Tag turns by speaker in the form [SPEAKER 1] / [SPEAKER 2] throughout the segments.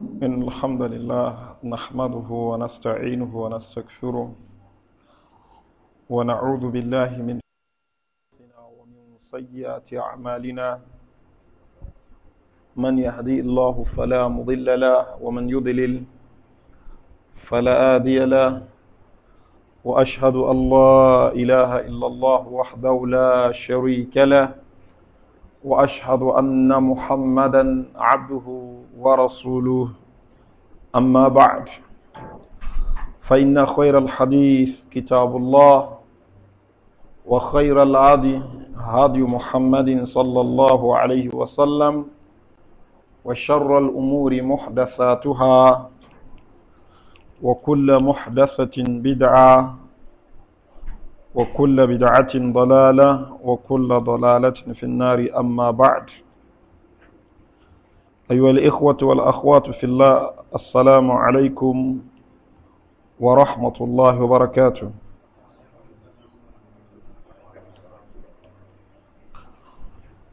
[SPEAKER 1] إن الحمد لله نحمده ونستعينه ونستغفره ونعوذ بالله من شرورنا ومن سيئات أعمالنا من يهدي الله فلا مضل له ومن يضلل فلا هادي له وأشهد أن لا إله إلا الله وحده لا شريك له وأشهد أن محمدا عبده ورسوله أما بعد فإن خير الحديث كتاب الله وخير العادي هادي محمد صلى الله عليه وسلم وشر الأمور محدثاتها وكل محدثة بدعة وكل بدعة ضلالة وكل ضلالة في النار أما بعد أيها الإخوة والأخوات في الله السلام عليكم ورحمة الله وبركاته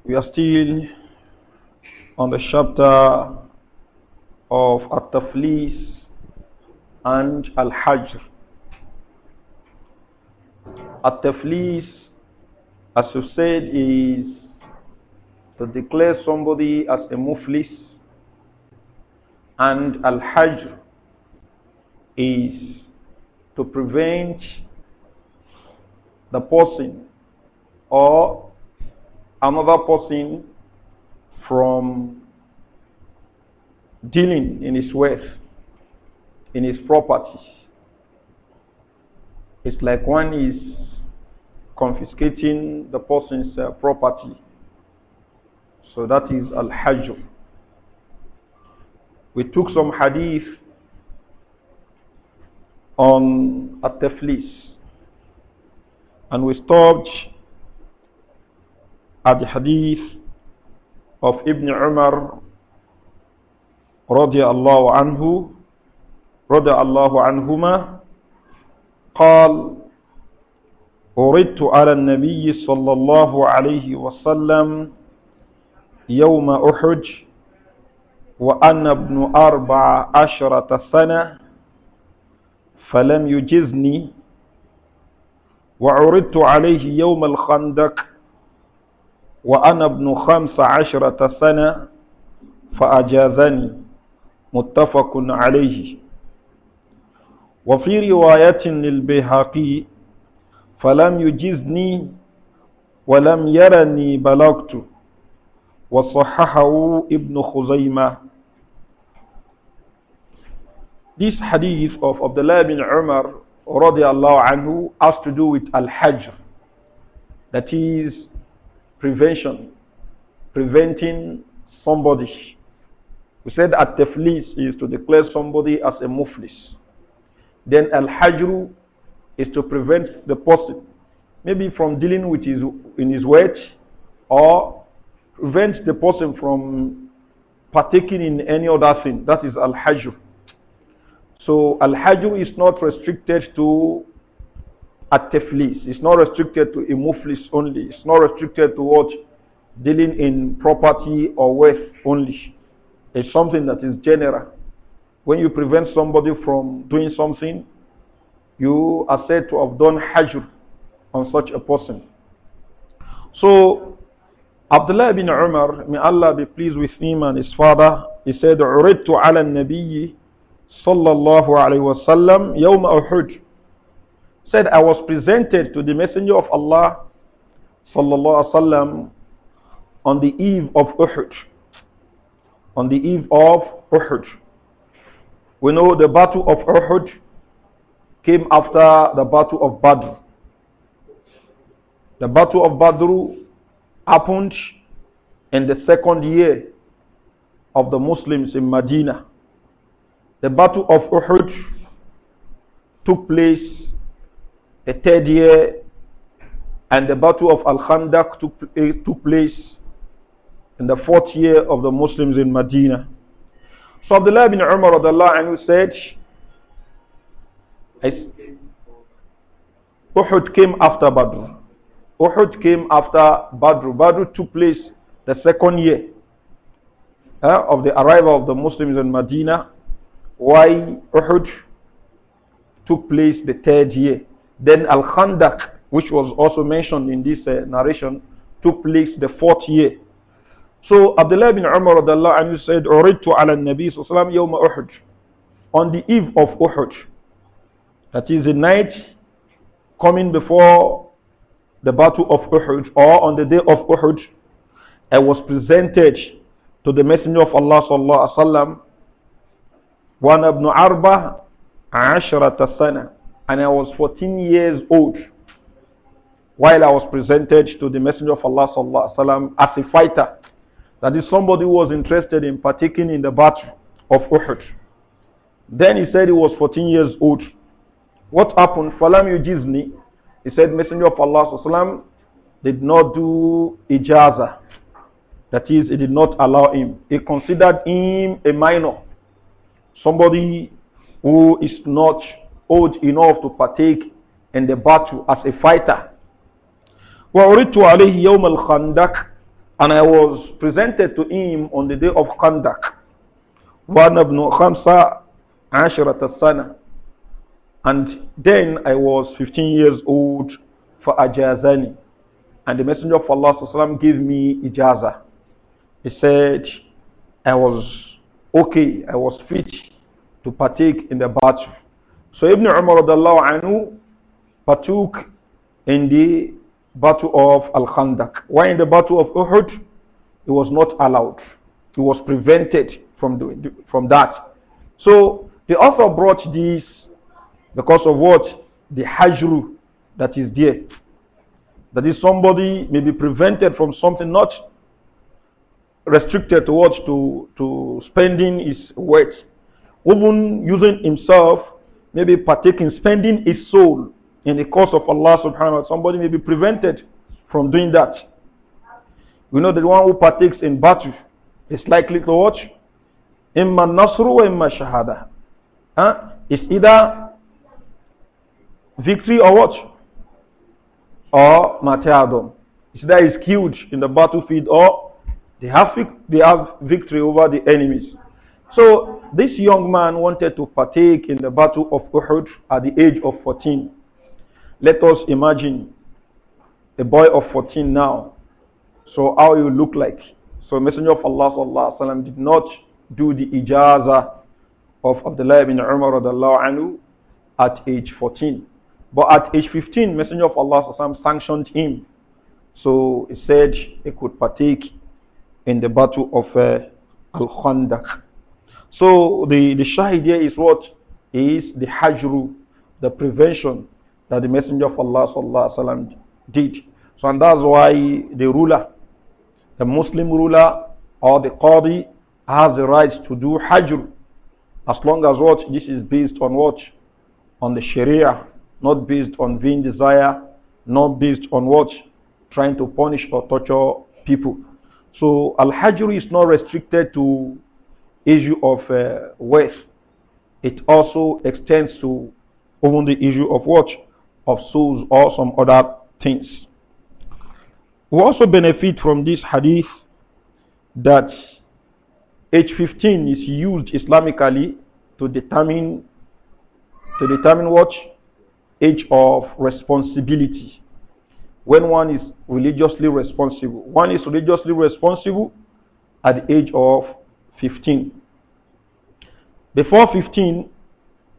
[SPEAKER 1] We are still on the chapter of At-Taflis and Al-Hajr. At-Taflis, as you said, is to declare somebody as a muflis and al-hajr is to prevent the person or another person from dealing in his wealth, in his property. It's like one is confiscating the person's uh, property so that is Al-Hajj. We took some hadith on at And we stopped at the hadith of Ibn Umar radiyallahu anhu radiyallahu anhuma قال أردت على النبي صلى الله عليه وسلم يوم أحج وأنا ابن أربع عشرة سنة فلم يجزني وعرضت عليه يوم الخندق وأنا ابن خمس عشرة سنة فأجازني متفق عليه وفي رواية للبيهقي فلم يجزني ولم يرني بلغت وصححه ابن خزيمة This hadith of Abdullah bin Umar radiallahu anhu has to do with al-hajr that is prevention preventing somebody we said at-taflis is to declare somebody as a muflis then al hajj is to prevent the person maybe from dealing with his in his word or prevent the person from partaking in any other sin. That is al-hajr. So al-hajr is not restricted to at-teflis. It's not restricted to a muflis only. It's not restricted to what? Dealing in property or wealth only. It's something that is general. When you prevent somebody from doing something, you are said to have done hajr on such a person. So Abdullah ibn Umar, may Allah be pleased with him and his father, he said, عُرِدْتُ عَلَى النَّبِيِّ صلى الله عليه وسلم يوم Uhud." said I was presented to the messenger of Allah sallallahu الله عليه on the eve of Uhud on the eve of Uhud we know the battle of Uhud came after the battle of Badr the battle of Badr happened in the second year of the Muslims in Medina. The Battle of Uhud took place the third year, and the Battle of Al Khandaq took, eh, took place in the fourth year of the Muslims in Medina. So Abdullah ibn Umar anhu said, Uhud came after Badr. Uhud came after Badr. Badr took place the second year uh, of the arrival of the Muslims in Medina, Why Uhud took place the third year. Then Al-Khandaq, which was also mentioned in this uh, narration, took place the fourth year. So Abdullah bin Umar anhu said, "Uridtu ala Nabi sallallahu yawma Uhud." On the eve of Uhud, that is the night coming before the battle of Uhud or on the day of Uhud, I was presented to the Messenger of Allah sallallahu alaihi wasallam. One ibn Arba, Ashrata Sana, and I was 14 years old while I was presented to the Messenger of Allah sallallahu alaihi wasallam as a fighter. That is somebody who was interested in partaking in the battle of Uhud. Then he said he was 14 years old. What happened? Falam yujizni he said, Messenger of Allah sallam, did not do ijaza. That is, he did not allow him. He considered him a minor, somebody who is not old enough to partake in the battle as a fighter. alayhi عَلَيْهِ al الْخَنْدَقِ And I was presented to him on the day of Khandak. One of خَمْسَ عَشْرَةَ sana. And then I was 15 years old for Ajazani. And the Messenger of Allah gave me Ijaza. He said, I was okay, I was fit to partake in the battle. So Ibn Umar anhu partook in the battle of Al-Khandaq. Why in the battle of Uhud? He was not allowed. He was prevented from, doing, from that. So the author brought this because of what? The hajru that is there. That is somebody may be prevented from something not restricted towards to, to spending his wealth. Even using himself maybe partaking, spending his soul in the cause of Allah subhanahu wa ta'ala. Somebody may be prevented from doing that. We know that the one who partakes in battle is likely to watch. Imma nasru wa imma shahada. Huh? It's either victory or what? Or martyrdom. It's that is killed in the battlefield or they have, they have victory over the enemies. So this young man wanted to partake in the battle of Uhud at the age of 14. Let us imagine a boy of 14 now. So how you look like. So Messenger of Allah sallallahu alaihi wasallam did not do the ijaza of Abdullah ibn Umar anhu at age 14. But at age 15, Messenger of Allah sanctioned him. So he said he could partake in the battle of uh, Al-Khandaq. So the, the idea is what? Is the hajru, the prevention that the Messenger of Allah did. So and that's why the ruler, the Muslim ruler or the Qadi has the right to do Hajjul, as long as what? This is based on what? On the Sharia not based on vain desire, not based on what? Trying to punish or torture people. So Al-Hajr is not restricted to issue of uh, wealth. It also extends to even the issue of what? Of souls or some other things. We also benefit from this hadith that age 15 is used Islamically to determine to determine what age of responsibility. When one is religiously responsible, one is religiously responsible at the age of 15. Before 15,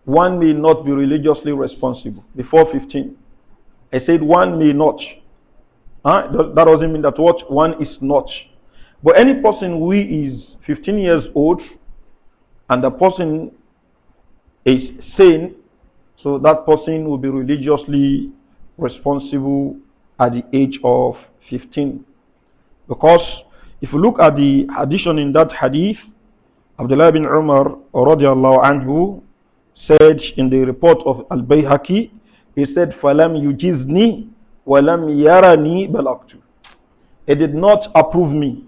[SPEAKER 1] one may not be religiously responsible. Before 15, I said one may not. Huh? That doesn't mean that what one is not. But any person who is 15 years old and the person is sane so that person will be religiously responsible at the age of 15. Because if you look at the addition in that hadith, Abdullah bin Umar radiallahu anhu said in the report of Al-Bayhaqi, he said, فَلَمْ يُجِزْنِي walam يَرَنِي balaktu." He did not approve me.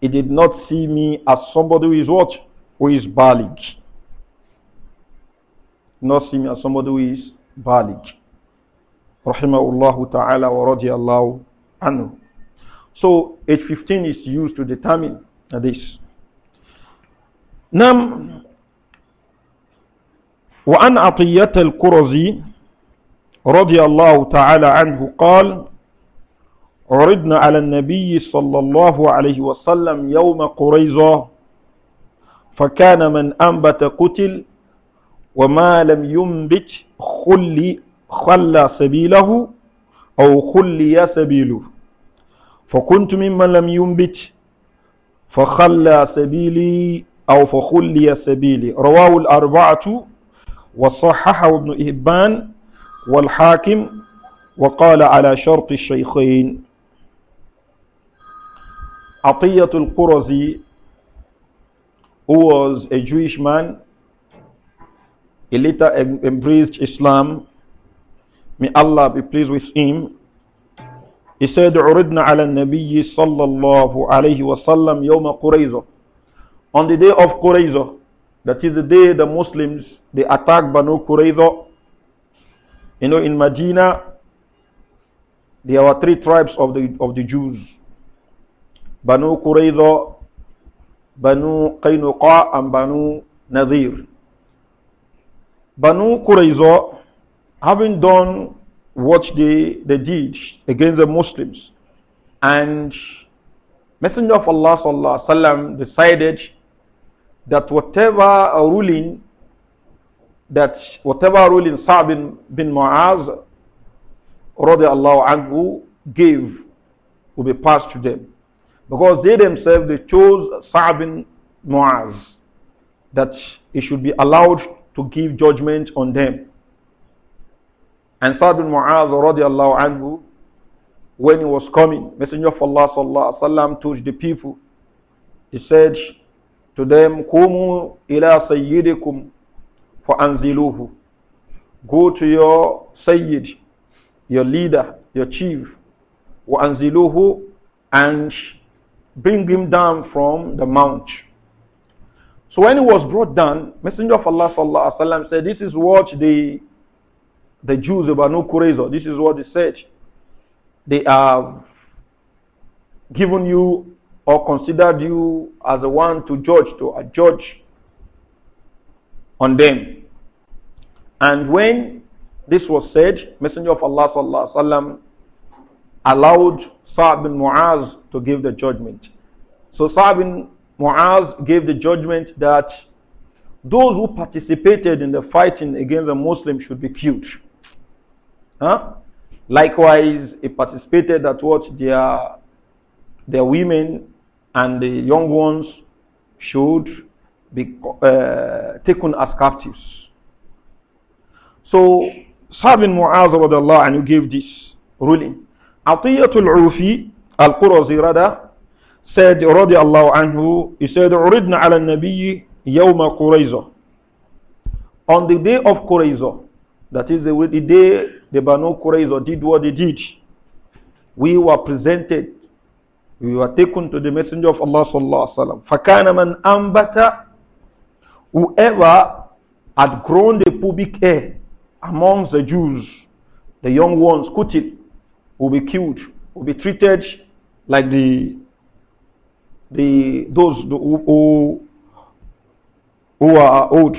[SPEAKER 1] He did not see me as somebody who is what? Who is balig. نصيم أصمدويس بالك رحمه الله تعالى ورضي الله عنه so age 15 is used to determine this نعم وعن عطية الكرزي رضي الله تعالى عنه قال عرضنا على النبي صلى الله عليه وسلم يوم قريظة فكان من أنبت قتل وما لم ينبت خلي خلى سبيله أو خلي سبيله فكنت ممن لم ينبت فخلى سبيلي أو فخلي سبيلي رواه الأربعة وصححه ابن إهبان والحاكم وقال على شرط الشيخين عطية القرزي who was a Jewish man He later embraced Islam. May Allah be pleased with him. He said, عُرِدْنَا عَلَى nabiyyi sallallahu اللَّهُ wasallam yoma Qurayza." On the day of Qurayza, that is the day the Muslims, they attack Banu Qurayza. You know, in Medina, there were three tribes of the, of the Jews. Banu Qurayza, Banu Qaynuqa, and Banu Nadir. Banu Qurayza, having done what they, they did against the Muslims, and Messenger of Allah sallallahu alaihi wasallam decided that whatever ruling that whatever ruling Sa'b bin, bin Mu'az radiallahu anhu gave will be passed to them. Because they themselves they chose Sa'b bin Mu'az that he should be allowed to give judgment on them. And Sa'd bin Mu'adh radiallahu anhu, when he was coming, Messenger of Allah sallallahu alaihi wasallam told the people, he said to them, "Kumu ila sayyidikum fa'anziluhu." Go to your sayyid, your leader, your chief, wa'anziluhu, and bring him down from the mount. So when he was brought down, Messenger of Allah sallallahu alaihi wasallam said, "This is what the the Jews of Banu Qurayza. This is what they said. They have given you or considered you as the one to judge, to a judge on them." And when this was said, Messenger of Allah sallallahu alaihi wasallam allowed sa bin Mu'az to give the judgment. So sa bin Muaz gave the judgment that those who participated in the fighting against the Muslims should be killed. Huh? Likewise, he participated that what their, their women and the young ones should be uh, taken as captives. So, Sabin Mu'az and you gave this ruling. Atiyatul Ufi, Al-Qurazi rather, said radiallahu anhu, he said, Uridna ala nabi yawma Qurayza. On the day of Qurayza, that is the, the day the Banu Qurayza did what they did, we were presented, we were taken to the Messenger of Allah sallallahu alaihi wasallam. Fakana man ambata, whoever had grown the pubic hair amongst the Jews, the young ones, kutil, will be killed, will be treated like the the those who who, who are old.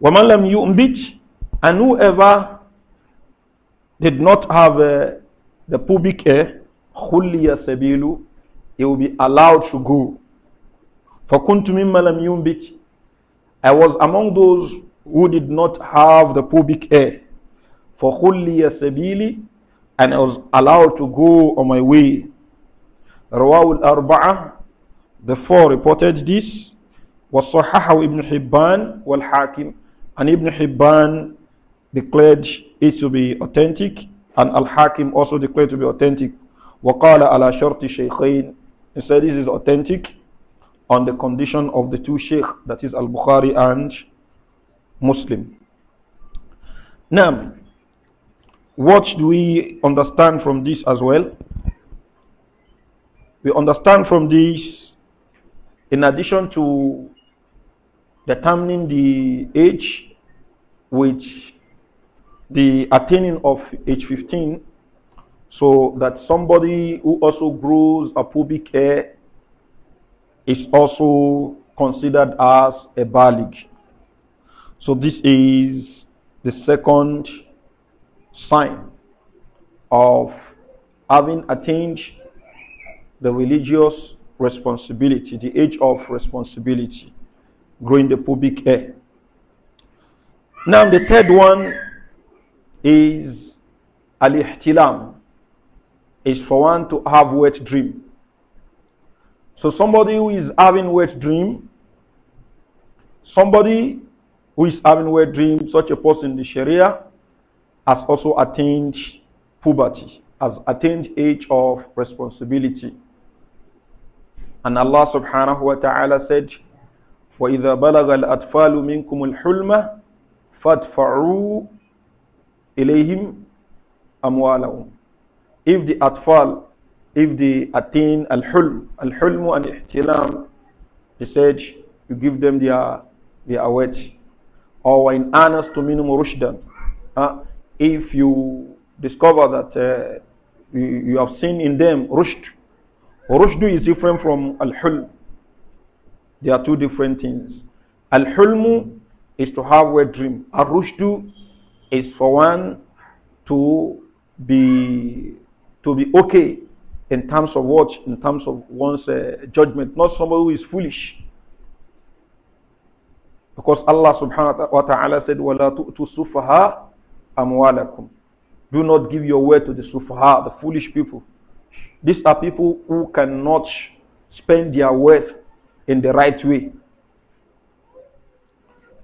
[SPEAKER 1] وَمَنْ لَمْ يُؤْمِتْ And whoever did not have uh, the pubic hair, خُلِّيَ سَبِيلُ He will be allowed to go. فَكُنْتُ مِمَّا لَمْ يُؤْمِتْ I was among those who did not have the pubic hair. فَخُلِّيَ سَبِيلِ And I was allowed to go on my way. رواه الأربعة the four reported this. was وَصَحَّحَهُ Ibn Hibban Hakim, And Ibn Hibban declared it to be authentic and Al-Hakim also declared to be authentic. Waqala عَلَى شَرْطِ شَيْخَيْنِ He said this is authentic on the condition of the two sheikh, that is Al-Bukhari and Muslim. Now, what do we understand from this as well? We understand from this in addition to determining the age which the attaining of age 15 so that somebody who also grows a pubic hair is also considered as a balig. So this is the second sign of having attained the religious responsibility, the age of responsibility, growing the pubic hair. Now the third one is al-ihtilam, is for one to have wet dream. So somebody who is having wet dream, somebody who is having wet dream, such a person in the Sharia has also attained puberty, has attained age of responsibility. And Allah subhanahu wa ta'ala said وإذا بلغ الأطفال منكم الحلم فادفعوا إليهم أموالهم if the atfal if they attain al-hulm al-hulm and ihtilam he said you give them their their or in anas to minum rushdan if you discover that uh, you, you have seen in them rushd Rushdu is different from Al-Hulm. There are two different things. Al-Hulmu is to have a dream. Al-Rushdu is for one to be to be okay in terms of what in terms of one's uh, judgment not somebody who is foolish because Allah subhanahu wa ta'ala said wala tu sufaha amwalakum do not give your word to the sufaha the foolish people these are people who cannot spend their wealth in the right way.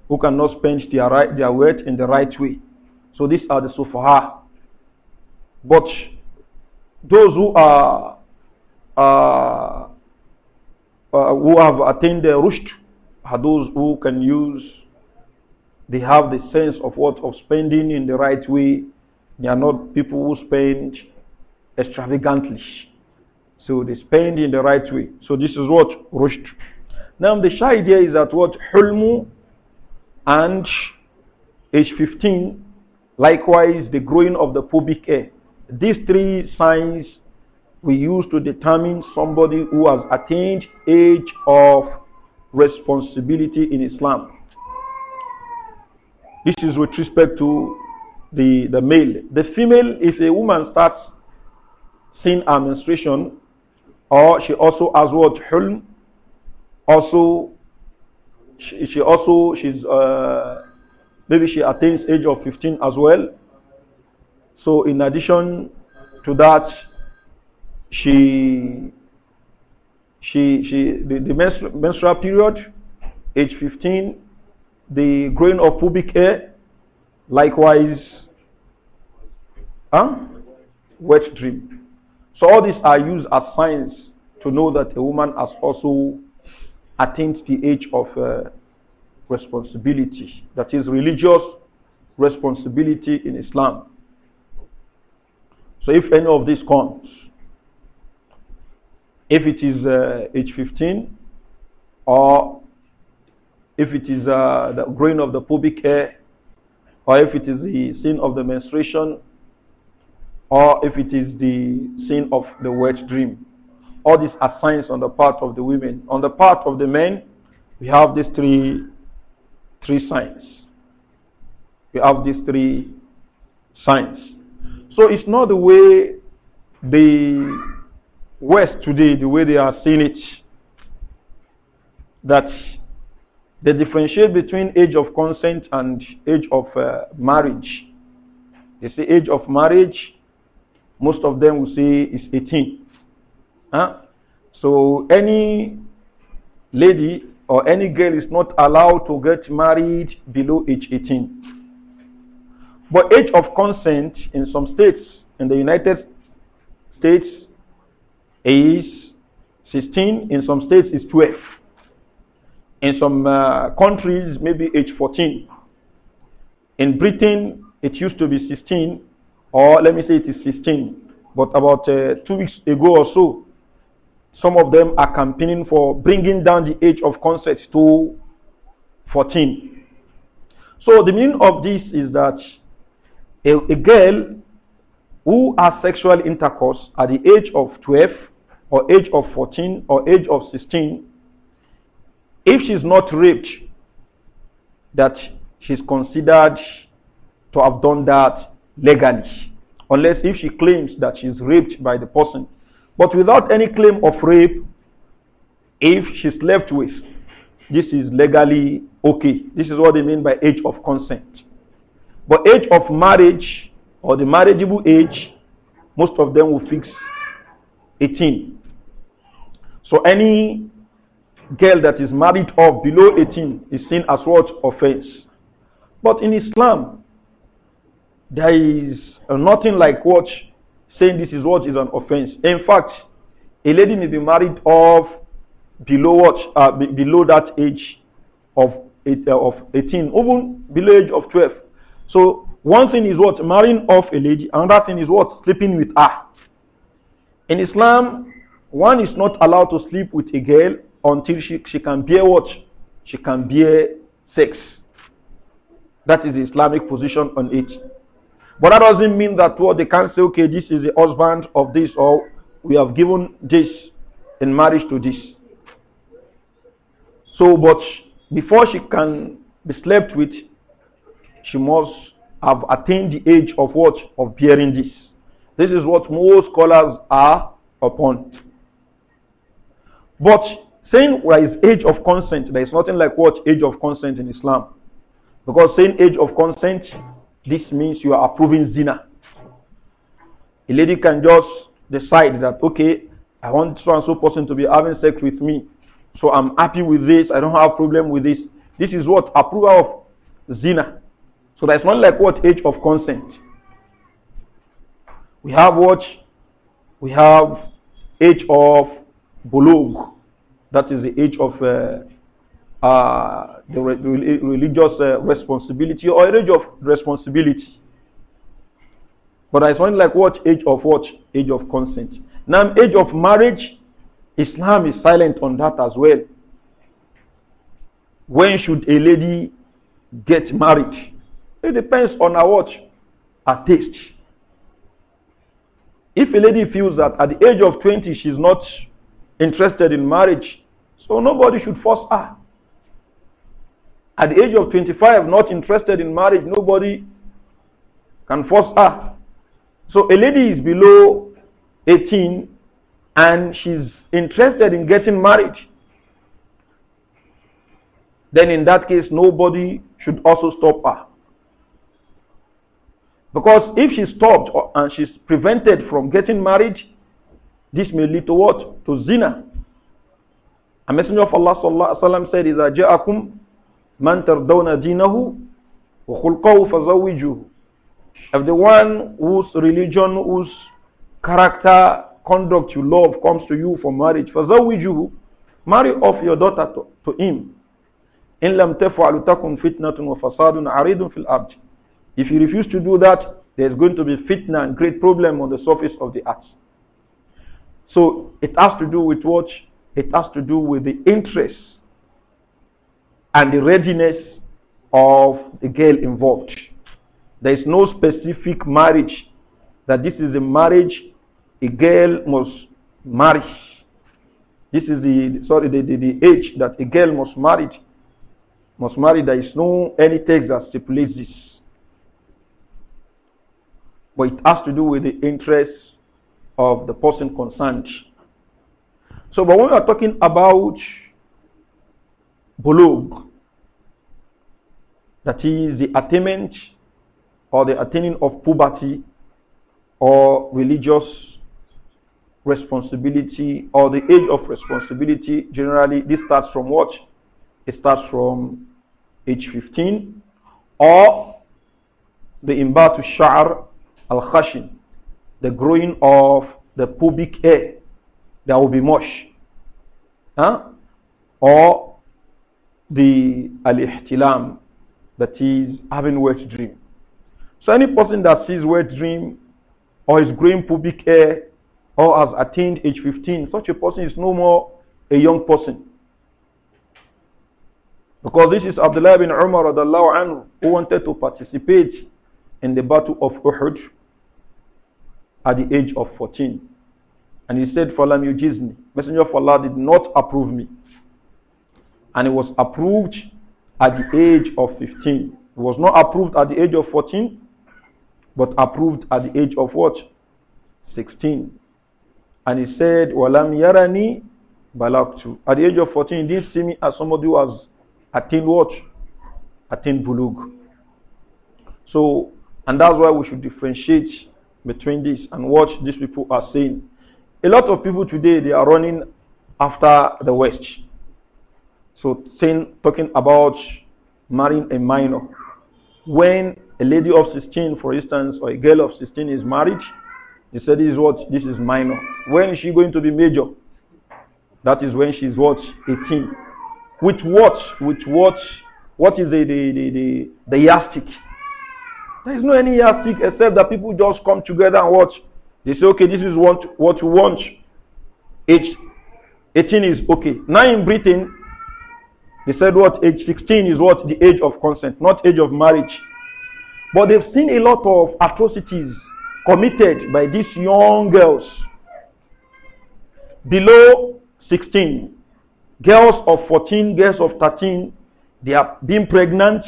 [SPEAKER 1] Who cannot spend their, right, their wealth in the right way. So these are the sufaha. But those who are uh, uh, who have attained the rushd are those who can use, they have the sense of what of spending in the right way. They are not people who spend extravagantly. So they spend in the right way. So this is what? Rushd. Now the shy idea is that what? Hulmu and age 15, likewise the growing of the pubic hair. These three signs we use to determine somebody who has attained age of responsibility in Islam. This is with respect to the, the male. The female, if a woman starts seeing her menstruation, or she also has what hulm. Also, she, she also she's uh, maybe she attains age of 15 as well. So in addition to that, she she she the, the menstrual, menstrual period, age 15, the growing of pubic hair, likewise, huh? wet dream. So all these are used as signs to know that a woman has also attained the age of uh, responsibility, that is religious responsibility in Islam. So if any of this comes, if it is uh, age 15 or if it is uh, the growing of the pubic hair or if it is the sin of the menstruation or if it is the sin of the wet dream. All these are signs on the part of the women. On the part of the men, we have these three, three signs. We have these three signs. So it's not the way the West today, the way they are seeing it, that they differentiate between age of consent and age of uh, marriage. They say age of marriage most of them will say it's 18. Huh? So any lady or any girl is not allowed to get married below age 18. But age of consent in some states, in the United States, is 16. In some states, is 12. In some uh, countries, maybe age 14. In Britain, it used to be 16 or let me say it is 16, but about uh, two weeks ago or so, some of them are campaigning for bringing down the age of consent to 14. So the meaning of this is that a, a girl who has sexual intercourse at the age of 12 or age of 14 or age of 16, if she's not raped, that she's considered to have done that legally, unless if she claims that she's raped by the person. But without any claim of rape, if she's left with, this is legally okay. This is what they mean by age of consent. But age of marriage or the marriageable age, most of them will fix 18. So any girl that is married off below 18 is seen as what offense. But in Islam, there is nothing like what saying this is what is an offense. In fact, a lady may be married off below what uh, be, below that age of eight, uh, of 18, even below age of 12. So one thing is what marrying off a lady, another thing is what sleeping with her. In Islam, one is not allowed to sleep with a girl until she, she can bear what she can bear sex. That is the Islamic position on it. But that doesn't mean that what they can't say, okay, this is the husband of this, or we have given this in marriage to this. So, but before she can be slept with, she must have attained the age of what? Of bearing this. This is what most scholars are upon. But saying where is age of consent, there is nothing like what age of consent in Islam. Because saying age of consent this means you are approving zina. A lady can just decide that, okay, I want so and so person to be having sex with me. So I'm happy with this. I don't have problem with this. This is what? Approval of zina. So that's not like what? Age of consent. We have what? We have age of bulug. That is the age of uh, uh, the re religious uh, responsibility or age of responsibility. But I find like what age of what age of consent. Now, age of marriage, Islam is silent on that as well. When should a lady get married? It depends on her what, her taste. If a lady feels that at the age of 20 she's not interested in marriage, so nobody should force her. At the age of 25, not interested in marriage, nobody can force her. So a lady is below 18 and she's interested in getting married. Then in that case, nobody should also stop her. Because if she stopped and she's prevented from getting married, this may lead to what? To zina. A messenger of Allah sallallahu alaihi wasallam said, if the one whose religion, whose character, conduct you love comes to you for marriage, fazawiju,
[SPEAKER 2] marry off your
[SPEAKER 1] daughter to, to him. In lam taf'alu takun fitnatun wa fasadun aridun fil If you refuse to do that, there's going to be fitna and great problem on the surface of the earth. So it has to do with what? It has to do with the interests and the readiness of the girl involved. There is no specific marriage that this is a marriage a girl must marry. This is the sorry the, the, the age that a girl must marry. Must marry. There is no any text that stipulates this. But it has to do with the interests of the person concerned. So, but when we are talking about bulug, that is the attainment or the attaining of puberty or religious responsibility or the age of responsibility generally this starts from what it starts from age 15 or the imbatu sha'r al khashin the growing of the pubic hair that will be mush huh? or the al-ihtilam, that is having wet dream. So any person that sees wet dream or is growing pubic hair or has attained age 15, such a person is no more a young person. Because this is Abdullah bin Umar anhu, who wanted to participate in the battle of Uhud at the age of 14. And he said, Falam yujizni. Messenger of Allah did not approve me and it was approved at the age of 15. It was not approved at the age of 14, but approved at the age of what? 16. And he said, Walam yarani balaktu. At the age of 14, he didn't see me as somebody who has attained what? Attained bulug. So, and that's why we should differentiate between this and what these people are saying. A lot of people today, they are running after the West. So saying, talking about marrying a minor. When a lady of 16, for instance, or a girl of 16 is married, he said, this is what? This is minor. When is she going to be major? That is when she's what? 18. With what? With what? What is the, the, the, the, the There is no any yastic except that people just come together and watch. They say, okay, this is what, what we want. Age 18 is okay. Now in Britain, they said what age 16 is what the age of consent, not age of marriage. But they've seen a lot of atrocities committed by these young girls below 16. Girls of 14, girls of 13, they are being pregnant,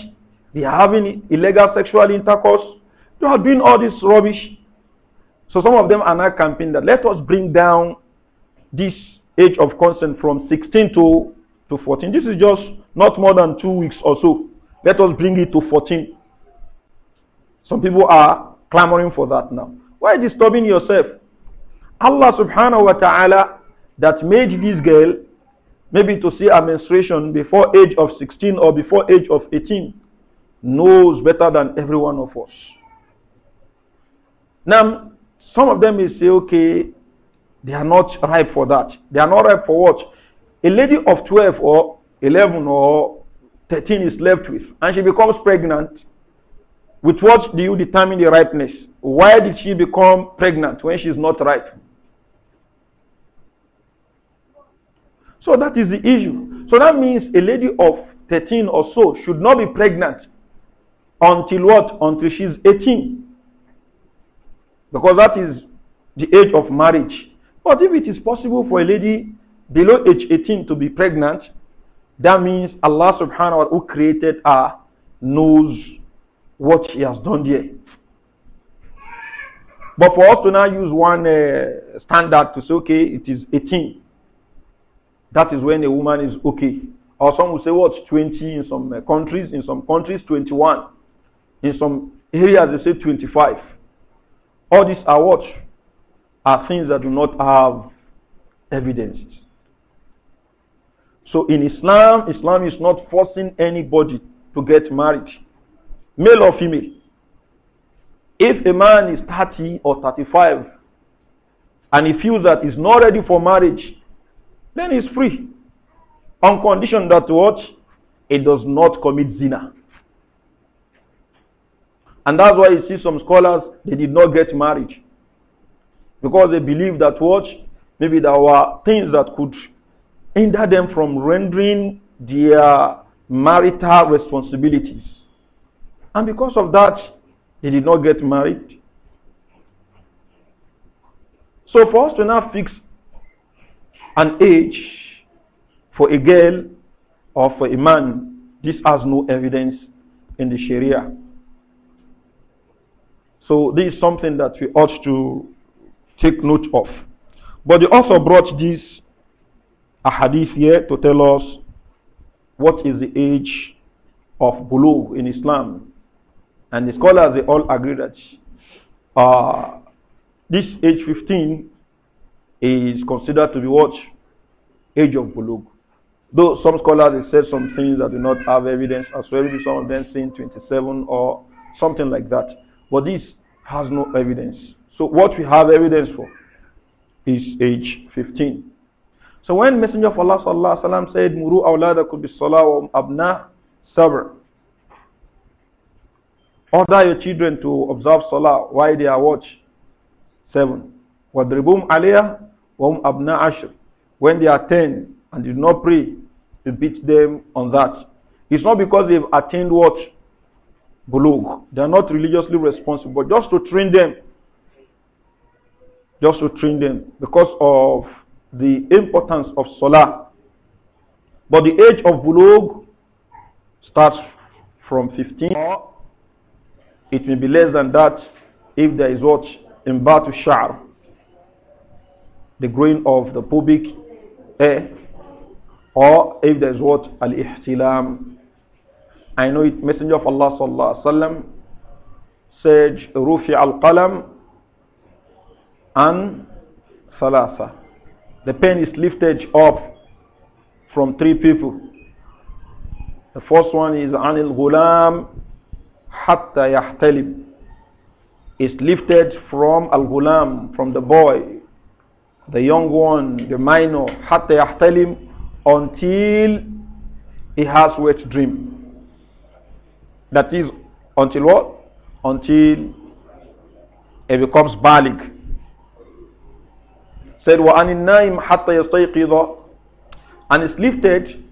[SPEAKER 1] they are having illegal sexual intercourse, they are doing all this rubbish. So some of them are now campaigning that let us bring down this age of consent from 16 to to 14. This is just not more than two weeks or so. Let us bring it to 14. Some people are clamoring for that now. Why disturbing yourself? Allah subhanahu wa ta'ala that made this girl maybe to see a menstruation before age of 16 or before age of 18 knows better than every one of us. Now, some of them may say, okay, they are not ripe for that. They are not ripe for what? a lady of 12 or 11 or 13 is left with, and she becomes pregnant, with what do you determine the ripeness? Why did she become pregnant when she is not ripe? So that is the issue. So that means a lady of 13 or so should not be pregnant until what? Until she's 18. Because that is the age of marriage. But if it is possible for a lady below age 18 to be pregnant, that means Allah subhanahu wa ta'ala who created her knows what she has done there. But for us to now use one uh, standard to say, okay, it is 18. That is when a woman is okay. Or some will say, what, 20 in some uh, countries, in some countries, 21. In some areas, they say 25. All these are what? Are things that do not have evidences. So in Islam, Islam is not forcing anybody to get married, male or female. If a man is 30 or 35 and he feels that he's not ready for marriage, then he's free. On condition that what? It does not commit zina. And that's why you see some scholars, they did not get married. Because they believe that what? Maybe there were things that could hinder them from rendering their marital responsibilities. And because of that, they did not get married. So for us to now fix an age for a girl or for a man, this has no evidence in the Sharia. So this is something that we ought to take note of. But they also brought this a hadith here to tell us what is the age of bulugh in Islam. And the scholars, they all agree that uh, this age 15 is considered to be what? Age of bulugh. Though some scholars, they said some things that do not have evidence as well. Some of them saying 27 or something like that. But this has no evidence. So what we have evidence for is age 15. So when Messenger of Allah sallallahu alaihi wasallam said, "Muru awladakum bis salah wa abna sabr," order your children to observe salah while they are watch seven. Wadribum aliyah wa abna ashr. When they are ten and do not pray, you beat them on that. It's not because they've attained what bulug. They are not religiously responsible, but just to train them, just to train them because of the importance of Salah. But the age of Bulug starts from 15 or it may be less than that if there is what? In Batu Shar, the growing of the pubic hair or if there is what? Al-Ihtilam. I know it, Messenger of Allah sallallahu alaihi wasallam said, Rufi al-Qalam and Thalatha the pen is lifted up from three people. The first one is Anil Ghulam Hatta Yahtalib. It's lifted from Al Ghulam, from the boy, the young one, the minor, Hatta Yahtalim, until he has wet dream. That is, until what? Until he becomes Balik said وَعَنِ na'im hatta يَسْتَيْقِظَ and is lifted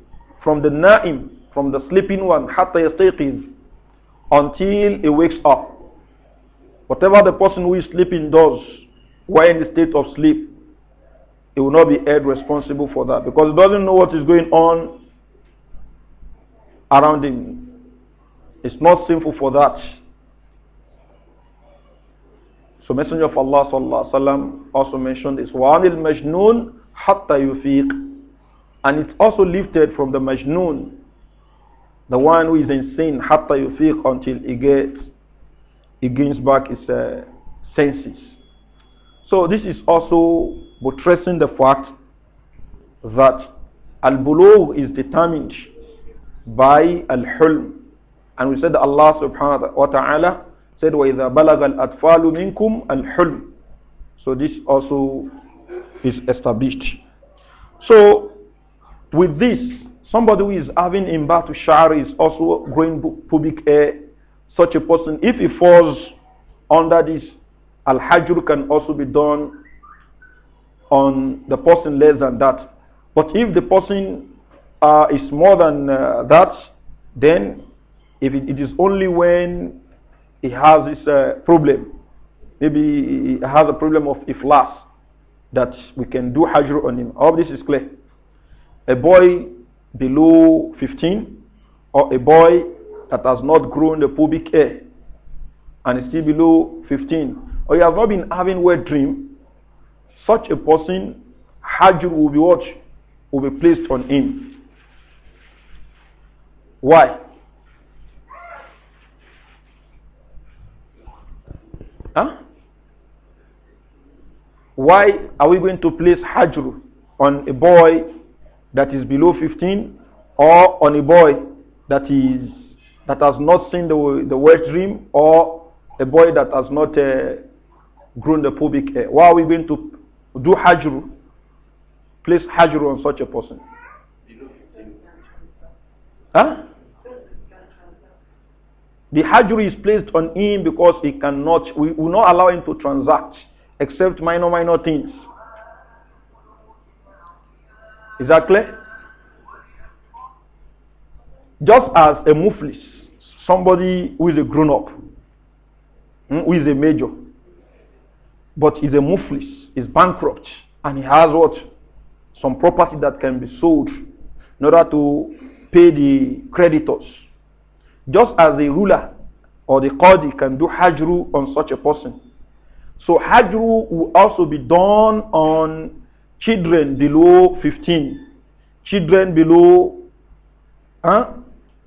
[SPEAKER 1] from the na'im, from the sleeping one, hatta yastayqiz, until he wakes up. Whatever the person who is sleeping does while in the state of sleep, he will not be held responsible for that because he doesn't know what is going on around him. It's not sinful for that. So Messenger of Allah sallallahu alaihi wasallam also mentioned this. وَعَنِ Majnun hatta yufiq, And it's also lifted from the majnun, the one who is in sin, hatta yufiq, until he gets, he gains back his uh, senses. So this is also buttressing the fact that al-bulugh is determined by al-hulm. And we said Allah subhanahu wa ta'ala said وَإِذَا بَلَغَ الْأَطْفَالُ مِنْكُمْ الْحُلْمُ So this also is established. So with this, somebody who is having imbatu shar is also growing pubic hair. Such a person, if he falls under this, al-hajr can also be done on the person less than that. But if the person uh, is more than uh, that, then if it, it is only when he has this uh, problem. Maybe he has a problem of iflas that we can do hajr on him. All this is clear. A boy below 15 or a boy that has not grown the pubic hair and is still below 15 or you have not been having wet dream, such a person, hajr will be what? Will be placed on him. Why? Huh? Why are we going to place hajru on a boy that is below 15 or on a boy that is that has not seen the, the wet dream or a boy that has not uh, grown the pubic hair? Why are we going to do hajru, place hajru on such a person? Huh? The hajru is placed on him because he cannot, we will not allow him to transact except minor, minor things. Is that clear? Just as a muflis, somebody who is a grown up, hmm, who is a major, but is a muflis, is bankrupt, and he has what? Some property that can be sold in order to pay the creditors. Just as the ruler or the qadi can do hajru on such a person. So hajru will also be done on children below 15. Children below, huh?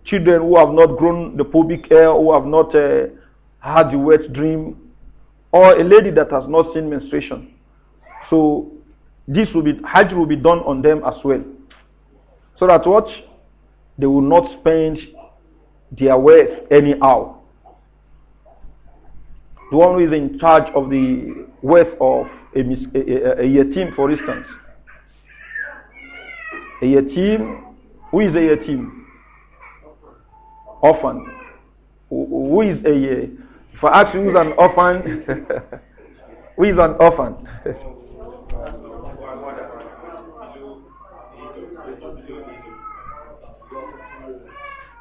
[SPEAKER 1] children who have not grown the pubic hair, who have not uh, had the wet dream, or a lady that has not seen menstruation. So this will be, hajru will be done on them as well. So that what? They will not spend their wealth anyhow. The one who is in charge of the wealth of a, a, a, a for instance. A team. who is a team? Orphan. Who is a, if I ask who's an orphan, who is an orphan?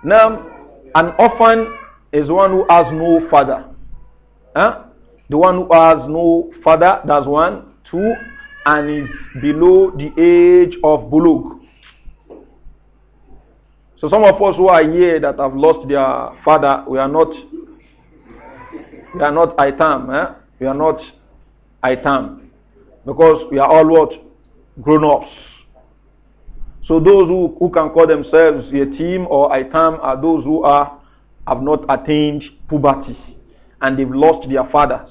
[SPEAKER 1] now, an orphan is one who has no father. Huh? The one who has no father, that's one. Two, and is below the age of bulug. So some of us who are here that have lost their father, we are not, we are not itam, eh? we are not itam, because we are all what grown ups. So those who, who can call themselves a team or aitam are those who are have not attained puberty and they've lost their fathers.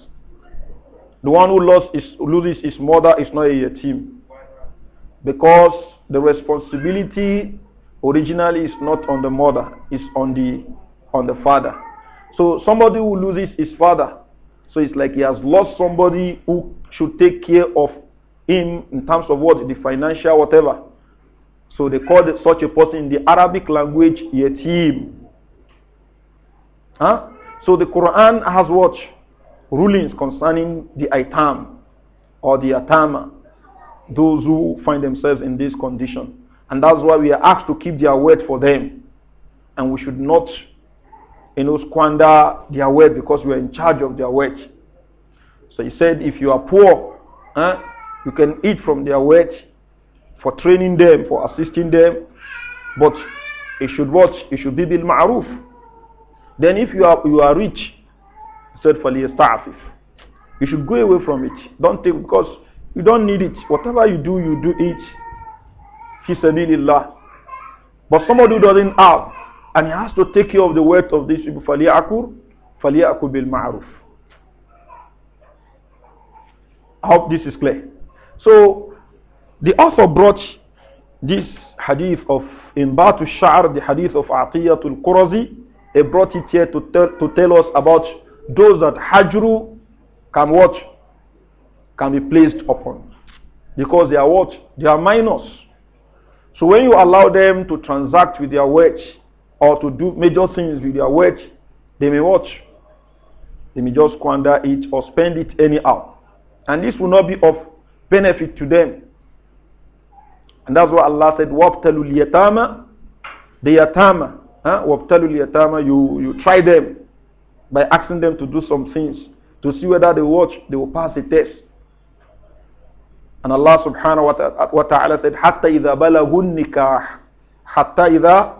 [SPEAKER 1] The one who lost his, loses his mother is not a team because the responsibility originally is not on the mother, it's on the on the father. So somebody who loses his father, so it's like he has lost somebody who should take care of him in terms of what the financial whatever. So they call such a person in the Arabic language yatim. Huh? So the Quran has what? Rulings concerning the itam or the atama, those who find themselves in this condition. And that's why we are asked to keep their word for them. And we should not you know, squander their wealth because we are in charge of their wealth. So he said, if you are poor, you can eat from their wealth for training them, for assisting them. But it should what? It should be bil ma'ruf. Then if you are you are rich, said staff, You should go away from it. Don't take because you don't need it. Whatever you do, you do it. Fi But somebody who doesn't have and he has to take care of the wealth of these people, فَلْيَأْكُلْ فَلْيَأْكُلْ بِالْمَعْرُوفِ I hope this is clear. So the author brought this hadith of Imbatu share the hadith of Aqiyatul Qurazi. He brought it here to tell, to tell us about those that Hajru can watch, can be placed upon. Because they are what? They are minors. So when you allow them to transact with their wealth or to do major things with their wealth, they may watch. They may just squander it or spend it anyhow. And this will not be of benefit to them. And that's why Allah said, Wabtalul yatama, the yatama, huh? Wabtalul yatama, you, you try them by asking them to do some things to see whether they watch, they will pass the test. And Allah subhanahu wa ta'ala said, Hatta idha balagun nikah. Hatta idha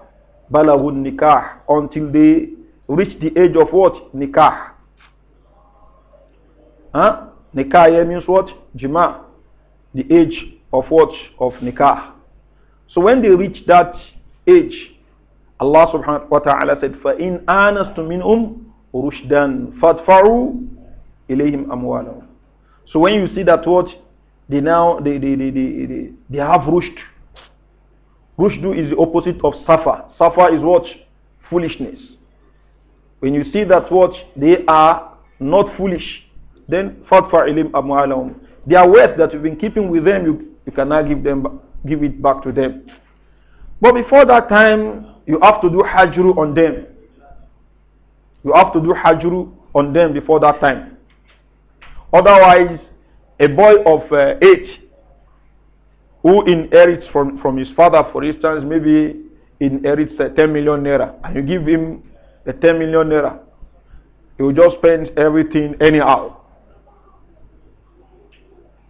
[SPEAKER 1] balagun nikah. Until they reach the age of what? Nikah. Huh? Nikah means what? Jima. The age of what? Of nikah. So when they reach that age, Allah subhanahu wa ta'ala said, فَإِنْ آنَسْتُ مِنْهُمْ رُشْدًا fatfaru إِلَيْهِمْ أَمْوَالَهُمْ So when you see that what? They now, they, they, they, they, they have rushed. Rushdu is the opposite of safa. Safa is what? Foolishness. When you see that what? They are not foolish. Then, فَادْفَعْ إِلَيْهِمْ They Their wealth that you've been keeping with them, you you cannot give them give it back to them. But before that time, you have to do hajru on them. You have to do hajru on them before that time. Otherwise, a boy of uh, age who inherits from, from his father, for instance, maybe inherits uh, 10 million naira, and you give him the 10 million naira, he will just spend everything anyhow.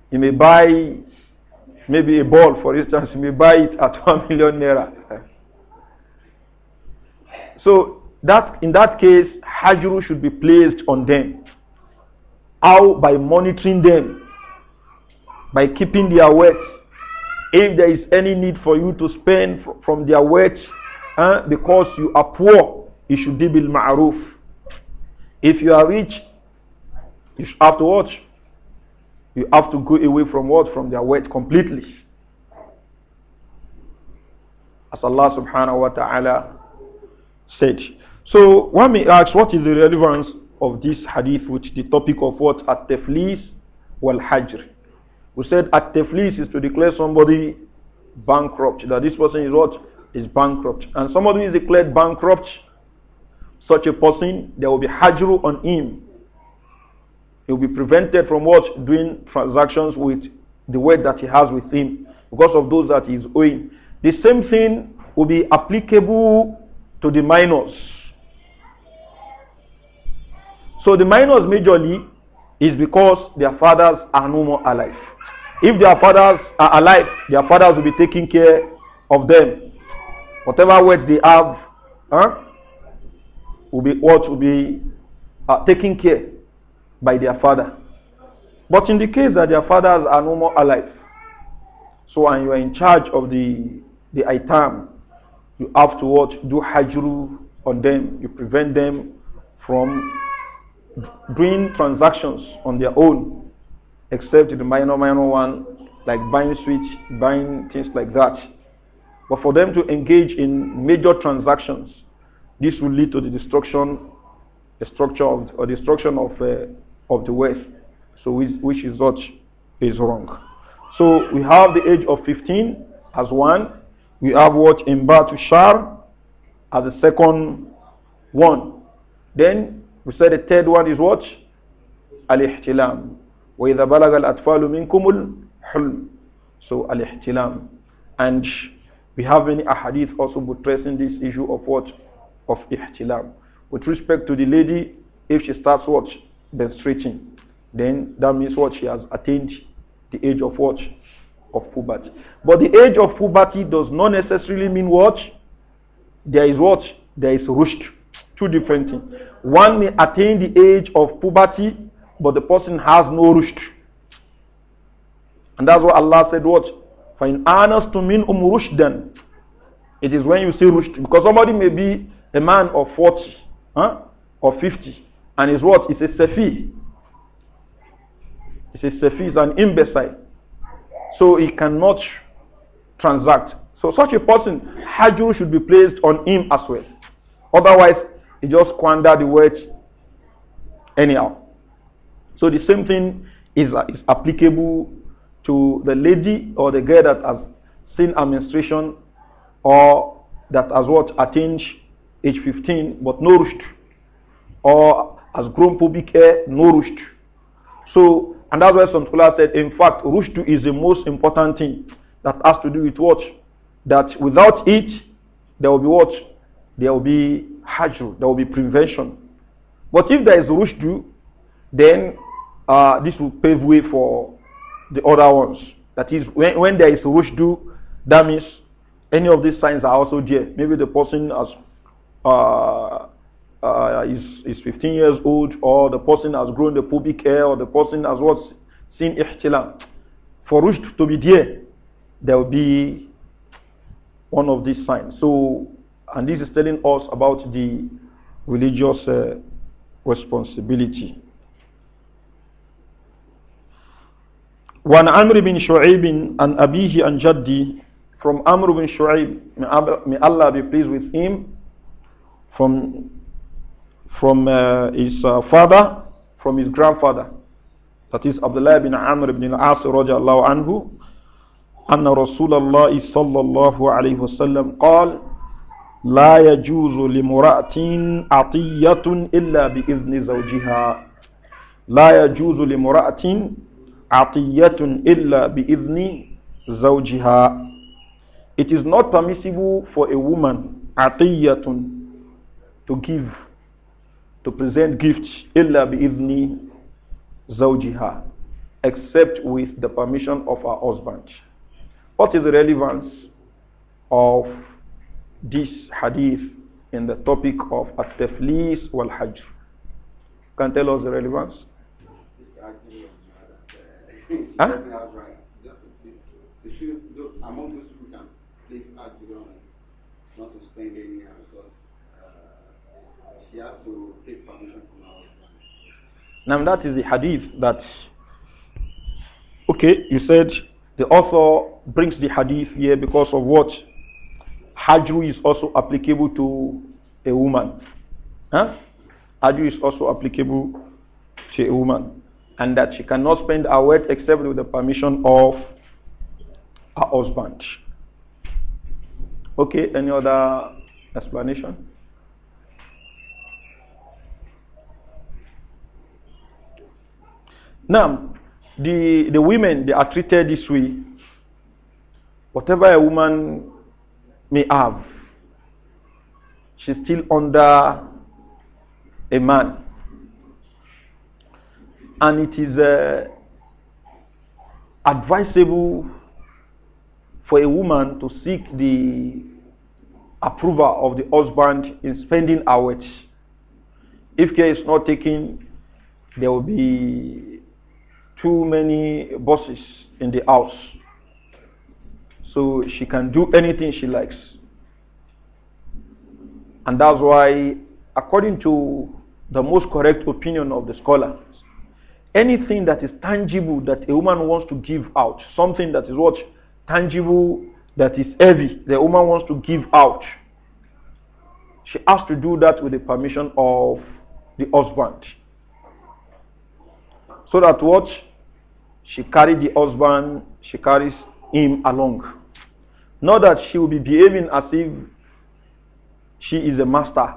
[SPEAKER 1] He may buy Maybe a ball, for instance, you may buy it at 1 million naira. So that in that case, hajru should be placed on them. How? By monitoring them, by keeping their wealth. If there is any need for you to spend from their wealth, eh, because you are poor, you should be bil ma'ruf. If you are rich, you should have to watch. You have to go away from what? From their words completely. As Allah subhanahu wa ta'ala said. So one may ask, what is the relevance of this hadith which the topic of what? At-taflis wal-hajr. We said at-taflis is to declare somebody bankrupt. That this person is what? Is bankrupt. And somebody is declared bankrupt. Such a person, there will be hajru on him. He'll be prevented from what? Doing transactions with the wealth that he has with him because of those that he is owing. The same thing will be applicable to the minors. So the minors majorly is because their fathers are no more alive. If their fathers are alive, their fathers will be taking care of them. Whatever wealth they have, huh, will be what will be uh, taking care by their father. But in the case that their fathers are no more alive, so and you are in charge of the, the itam, you have to watch, do hajru on them. You prevent them from doing transactions on their own, except the minor, minor one, like buying switch, buying things like that. But for them to engage in major transactions, this will lead to the destruction, the structure of, or destruction of uh, of the west, So which, which is what is wrong. So we have the age of 15 as one. We have what in Shar as the second one. Then we said the third one is what? Al-Ihtilam. وَإِذَا بَلَغَ الْأَطْفَالُ مِنْكُمُ الْحُلْمُ So Al-Ihtilam. And we have many ahadith also addressing this issue of what? Of Ihtilam. With respect to the lady, if she starts what? stretching, then that means what she has attained the age of what? Of puberty. But the age of puberty does not necessarily mean what? There is what? There is rushed. Two different things. One may attain the age of puberty, but the person has no rushed. And that's what Allah said what? to mean مِنْهُمْ Then It is when you say rushed. Because somebody may be a man of 40 huh? or 50 and is what? It's a sefi. It's a sefi is an imbecile. So he cannot transact. So such a person, Hajr should be placed on him as well. Otherwise, he just squander the wealth anyhow. So the same thing is, uh, is applicable to the lady or the girl that has seen administration or that has what attained age 15 but nourished or has grown public hair, no rushd. So, and that's why some scholars said, in fact, rushd is the most important thing that has to do with what? That without it, there will be what? There will be hajr, there will be prevention. But if there is rushd, then uh, this will pave way for the other ones. That is, when, when there is rushd, that means any of these signs are also there. Maybe the person has uh, uh, is, is 15 years old, or the person has grown the pubic hair, or the person has what's seen ihtilam. For rushd to be there, there will be one of these signs. So, and this is telling us about the religious uh, responsibility. وعن Amr بن شعيب عن أبيه عن جدي from Amr bin Shu'aib may Allah be pleased with him from from uh, his uh, father, from his grandfather. That is Abdullah bin Amr ibn al-As radiallahu anhu. أن رسول الله صلى الله عليه وسلم قال لا يجوز لمرأة عطية إلا بإذن زوجها لا يجوز لمرأة عطية إلا بإذن زوجها It is not permissible for a woman عطية to give to present gifts illa bi'idhni zawjiha except with the permission of her husband. What is the relevance of this hadith in the topic of at-taflis wal hajj? Can tell us the relevance? huh?
[SPEAKER 2] Among those who can, please the not to spend any
[SPEAKER 1] now that is the hadith that, okay, you said the author brings the hadith here because of what? hadju is also applicable to a woman. Huh? Hajru is also applicable to a woman. And that she cannot spend her wealth except with the permission of her husband. Okay, any other explanation? Now, the, the women, they are treated this way. Whatever a woman may have, she's still under a man. And it is uh, advisable for a woman to seek the approval of the husband in spending hours. If care is not taken, there will be too many bosses in the house. So she can do anything she likes. And that's why, according to the most correct opinion of the scholars, anything that is tangible that a woman wants to give out, something that is what? Tangible, that is heavy, the woman wants to give out. She has to do that with the permission of the husband. So that what? she carried the husband, she carries him along. Not that she will be behaving as if she is the master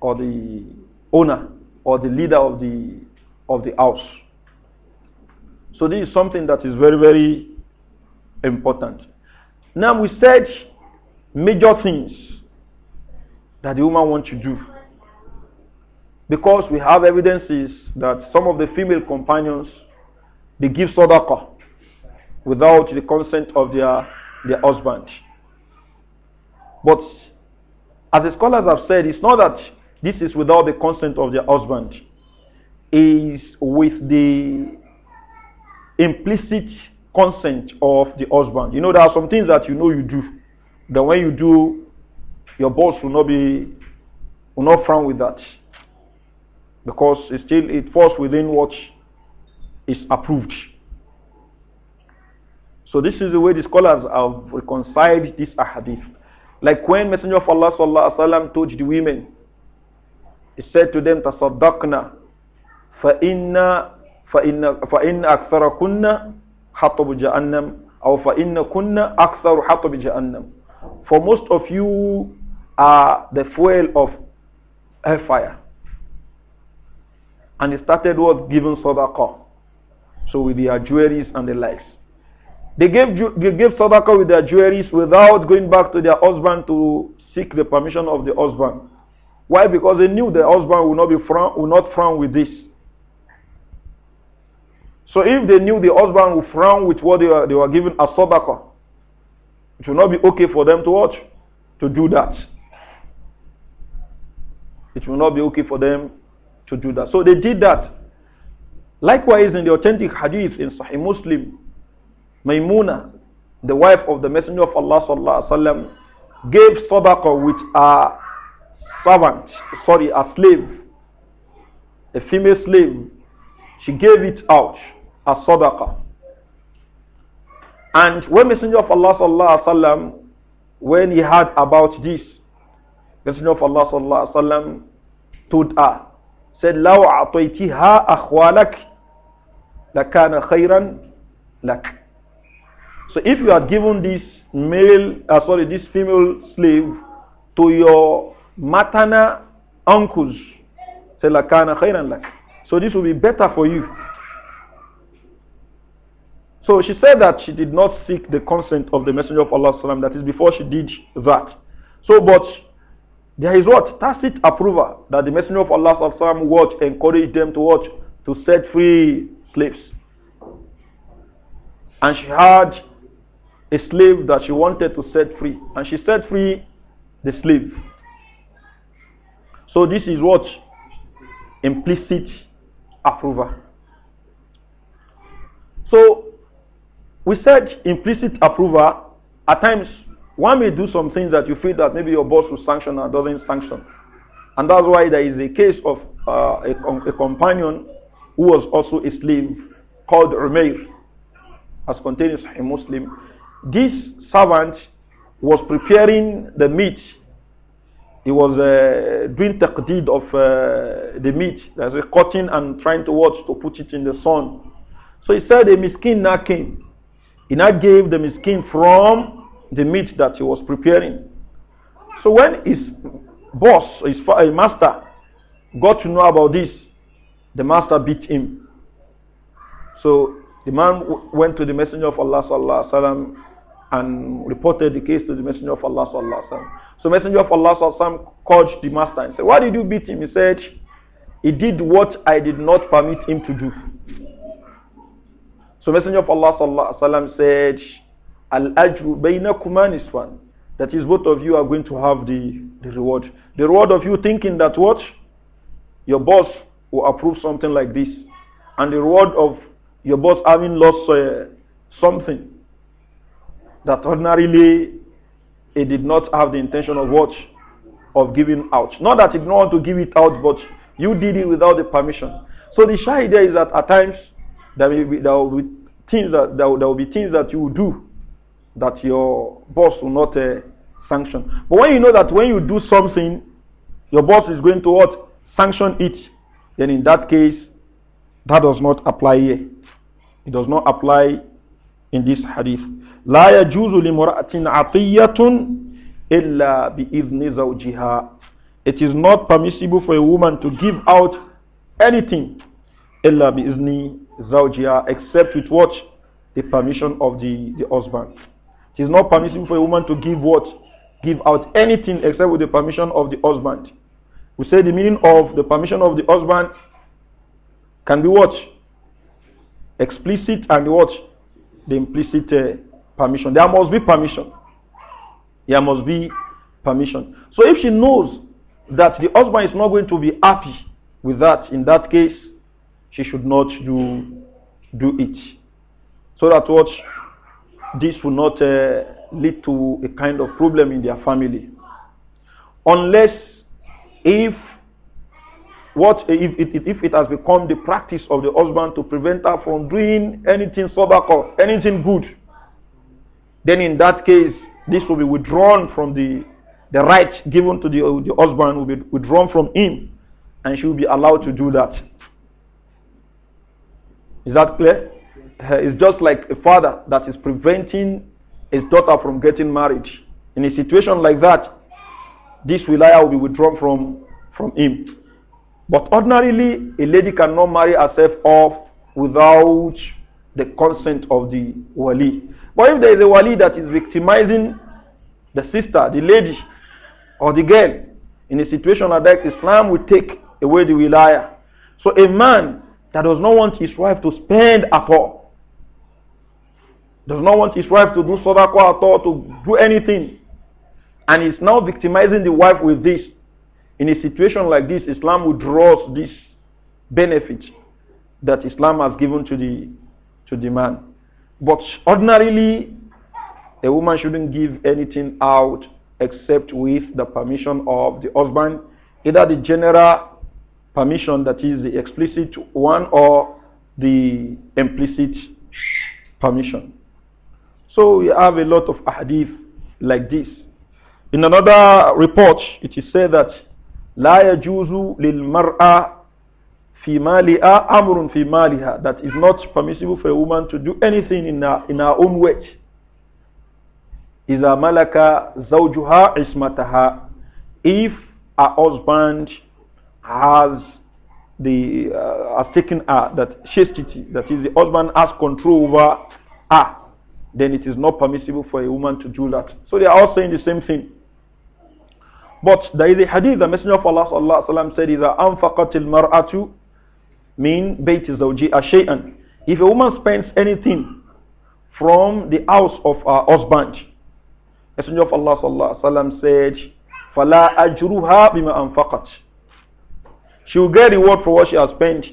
[SPEAKER 1] or the owner or the leader of the of the house. So this is something that is very, very important. Now we said major things that the woman wants to do. Because we have evidences that some of the female companions they give sadaqah without the consent of their, their husband. But as the scholars have said, it's not that this is without the consent of their husband. Is with the implicit consent of the husband. You know, there are some things that you know you do. That when you do, your boss will not be will not frown with that. Because it still it falls within what is approved. So this is the way the scholars have reconciled this ahadith. Like when Messenger of Allah sallallahu alaihi wasallam told the women, he said to them, "Tasaddaqna, fa'inna fa'inna fa inna fa inna akthara kunna hatab jahannam, or fa inna kunna akthar hatab jahannam." For most of you are the fuel of hellfire. And he started was giving sadaqah. So with their jewelries and the likes. They gave, they gave sadaqah with their jewelries without going back to their husband to seek the permission of the husband. Why? Because they knew the husband would not, be frown, would not frown with this. So if they knew the husband would frown with what they were, they were given as sadaqah, it would not be okay for them to watch, to do that. It will not be okay for them to do that. So they did that. Likewise, in the authentic hadith in Sahih Muslim, Maimuna, the wife of the Messenger of Allah sallallahu alaihi wasallam, gave sadaqah with a servant, sorry, a slave, a female slave. She gave it out as sadaqah. And when Messenger of Allah sallallahu alaihi wasallam, when he heard about this, Messenger of Allah sallallahu alaihi wasallam told her, said, "Law a'taytiha أَخْوَالَكِ لَكَانَ خَيْرًا لَكَ So if you are given this male, uh, sorry, this female slave to your maternal uncles, say لَكَانَ خَيْرًا لَكَ So this will be better for you. So she said that she did not seek the consent of the Messenger of Allah Sallam. That is before she did that. So, but there is what tacit approval that the Messenger of Allah Sallam what encouraged them to what to set free slaves. And she had a slave that she wanted to set free. And she set free the slave. So this is what? Implicit approval. So we said implicit approval. At times, one may do some things that you feel that maybe your boss will sanction or doesn't sanction. And that's why there is a case of uh, a, a companion who was also a slave called Umair, as contained in Muslim. This servant was preparing the meat. He was uh, doing taqdeed of uh, the meat, as a cutting and trying to watch to put it in the sun. So he said a miskin now came. He now gave the miskin from the meat that he was preparing. So when his boss, his master, got to know about this, the master beat him. So the man went to the Messenger of Allah sallallahu alaihi wasallam and reported the case to the Messenger of Allah sallallahu alaihi wasallam. So Messenger of Allah sallallahu called the master and said, "Why did you beat him?" He said, "He did what I did not permit him to do." So Messenger of Allah sallallahu alaihi wasallam said, "Al-ajru baynakuma one. That is, both of you are going to have the, the reward. The reward of you thinking that what? Your boss will approve something like this. And the reward of your boss having lost uh, something that ordinarily he did not have the intention of what? Of giving out. Not that he did not want to give it out, but you did it without the permission. So the shy idea is that at times there will be, there will be things that there will, there will be things that you do that your boss will not uh, sanction. But when you know that when you do something, your boss is going to what sanction it, then in that case, that does not apply here. It does not apply in this hadith. لا يجوز لمرأة عطية إلا بإذن زوجها. It is not permissible for a woman to give out anything إلا بإذن زوجها except with what? The permission of the, the husband. It is not permissible for a woman to give what? Give out anything except with the permission of the husband. We say the meaning of the permission of the husband can be what? Explicit and what? The implicit uh, permission. There must be permission. There must be permission. So if she knows that the husband is not going to be happy with that, in that case, she should not do, do it. So that what? This will not uh, lead to a kind of problem in their family. Unless if what if it, if it has become the practice of the husband to prevent her from doing anything or anything good, then in that case, this will be withdrawn from the the right given to the, the husband will be withdrawn from him, and she will be allowed to do that. Is that clear? Uh, it's just like a father that is preventing his daughter from getting married. In a situation like that, this wilaya will be withdrawn from, from him. But ordinarily, a lady cannot marry herself off without the consent of the wali. But if there is a wali that is victimizing the sister, the lady, or the girl, in a situation like that, Islam will take away the wilaya. So a man that does not want his wife to spend at all, does not want his wife to do sadaqah at all, to do anything, and he's now victimizing the wife with this. In a situation like this, Islam withdraws this benefit that Islam has given to the, to the man. But ordinarily, a woman shouldn't give anything out except with the permission of the husband, either the general permission that is the explicit one or the implicit permission. So we have a lot of hadith like this. In another report, it is said that لا يجوز للمرأة في مالها أمر في مالها that is not permissible for a woman to do anything in her, in her own wealth. إذا ملك زوجها عصمتها if a husband has the uh, has taken her that chastity that is the husband has control over her then it is not permissible for a woman to do that so they are all saying the same thing but there is a hadith, the Messenger of Allah sallallahu alaihi wasallam said, If a woman spends anything from the house of her husband, Messenger of Allah sallallahu alaihi wasallam said, فَلَا أَجْرُهَا بِمَا أَنْفَقَتْ She will get reward for what she has spent.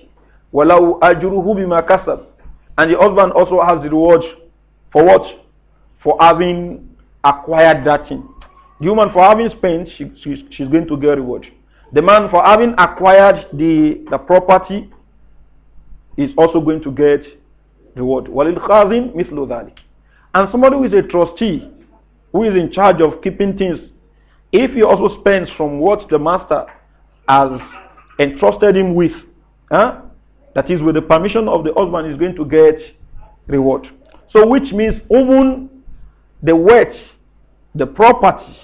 [SPEAKER 1] وَلَوْ أَجْرُهُ بِمَا كَسَبْ And the husband also has the reward for what? For having acquired that thing. The woman for having spent, she, she, she's going to get reward. The man for having acquired the, the property is also going to get reward. Walil khazin And somebody who is a trustee, who is in charge of keeping things, if he also spends from what the master has entrusted him with, huh? that is with the permission of the husband, is going to get reward. So which means even the wealth, the property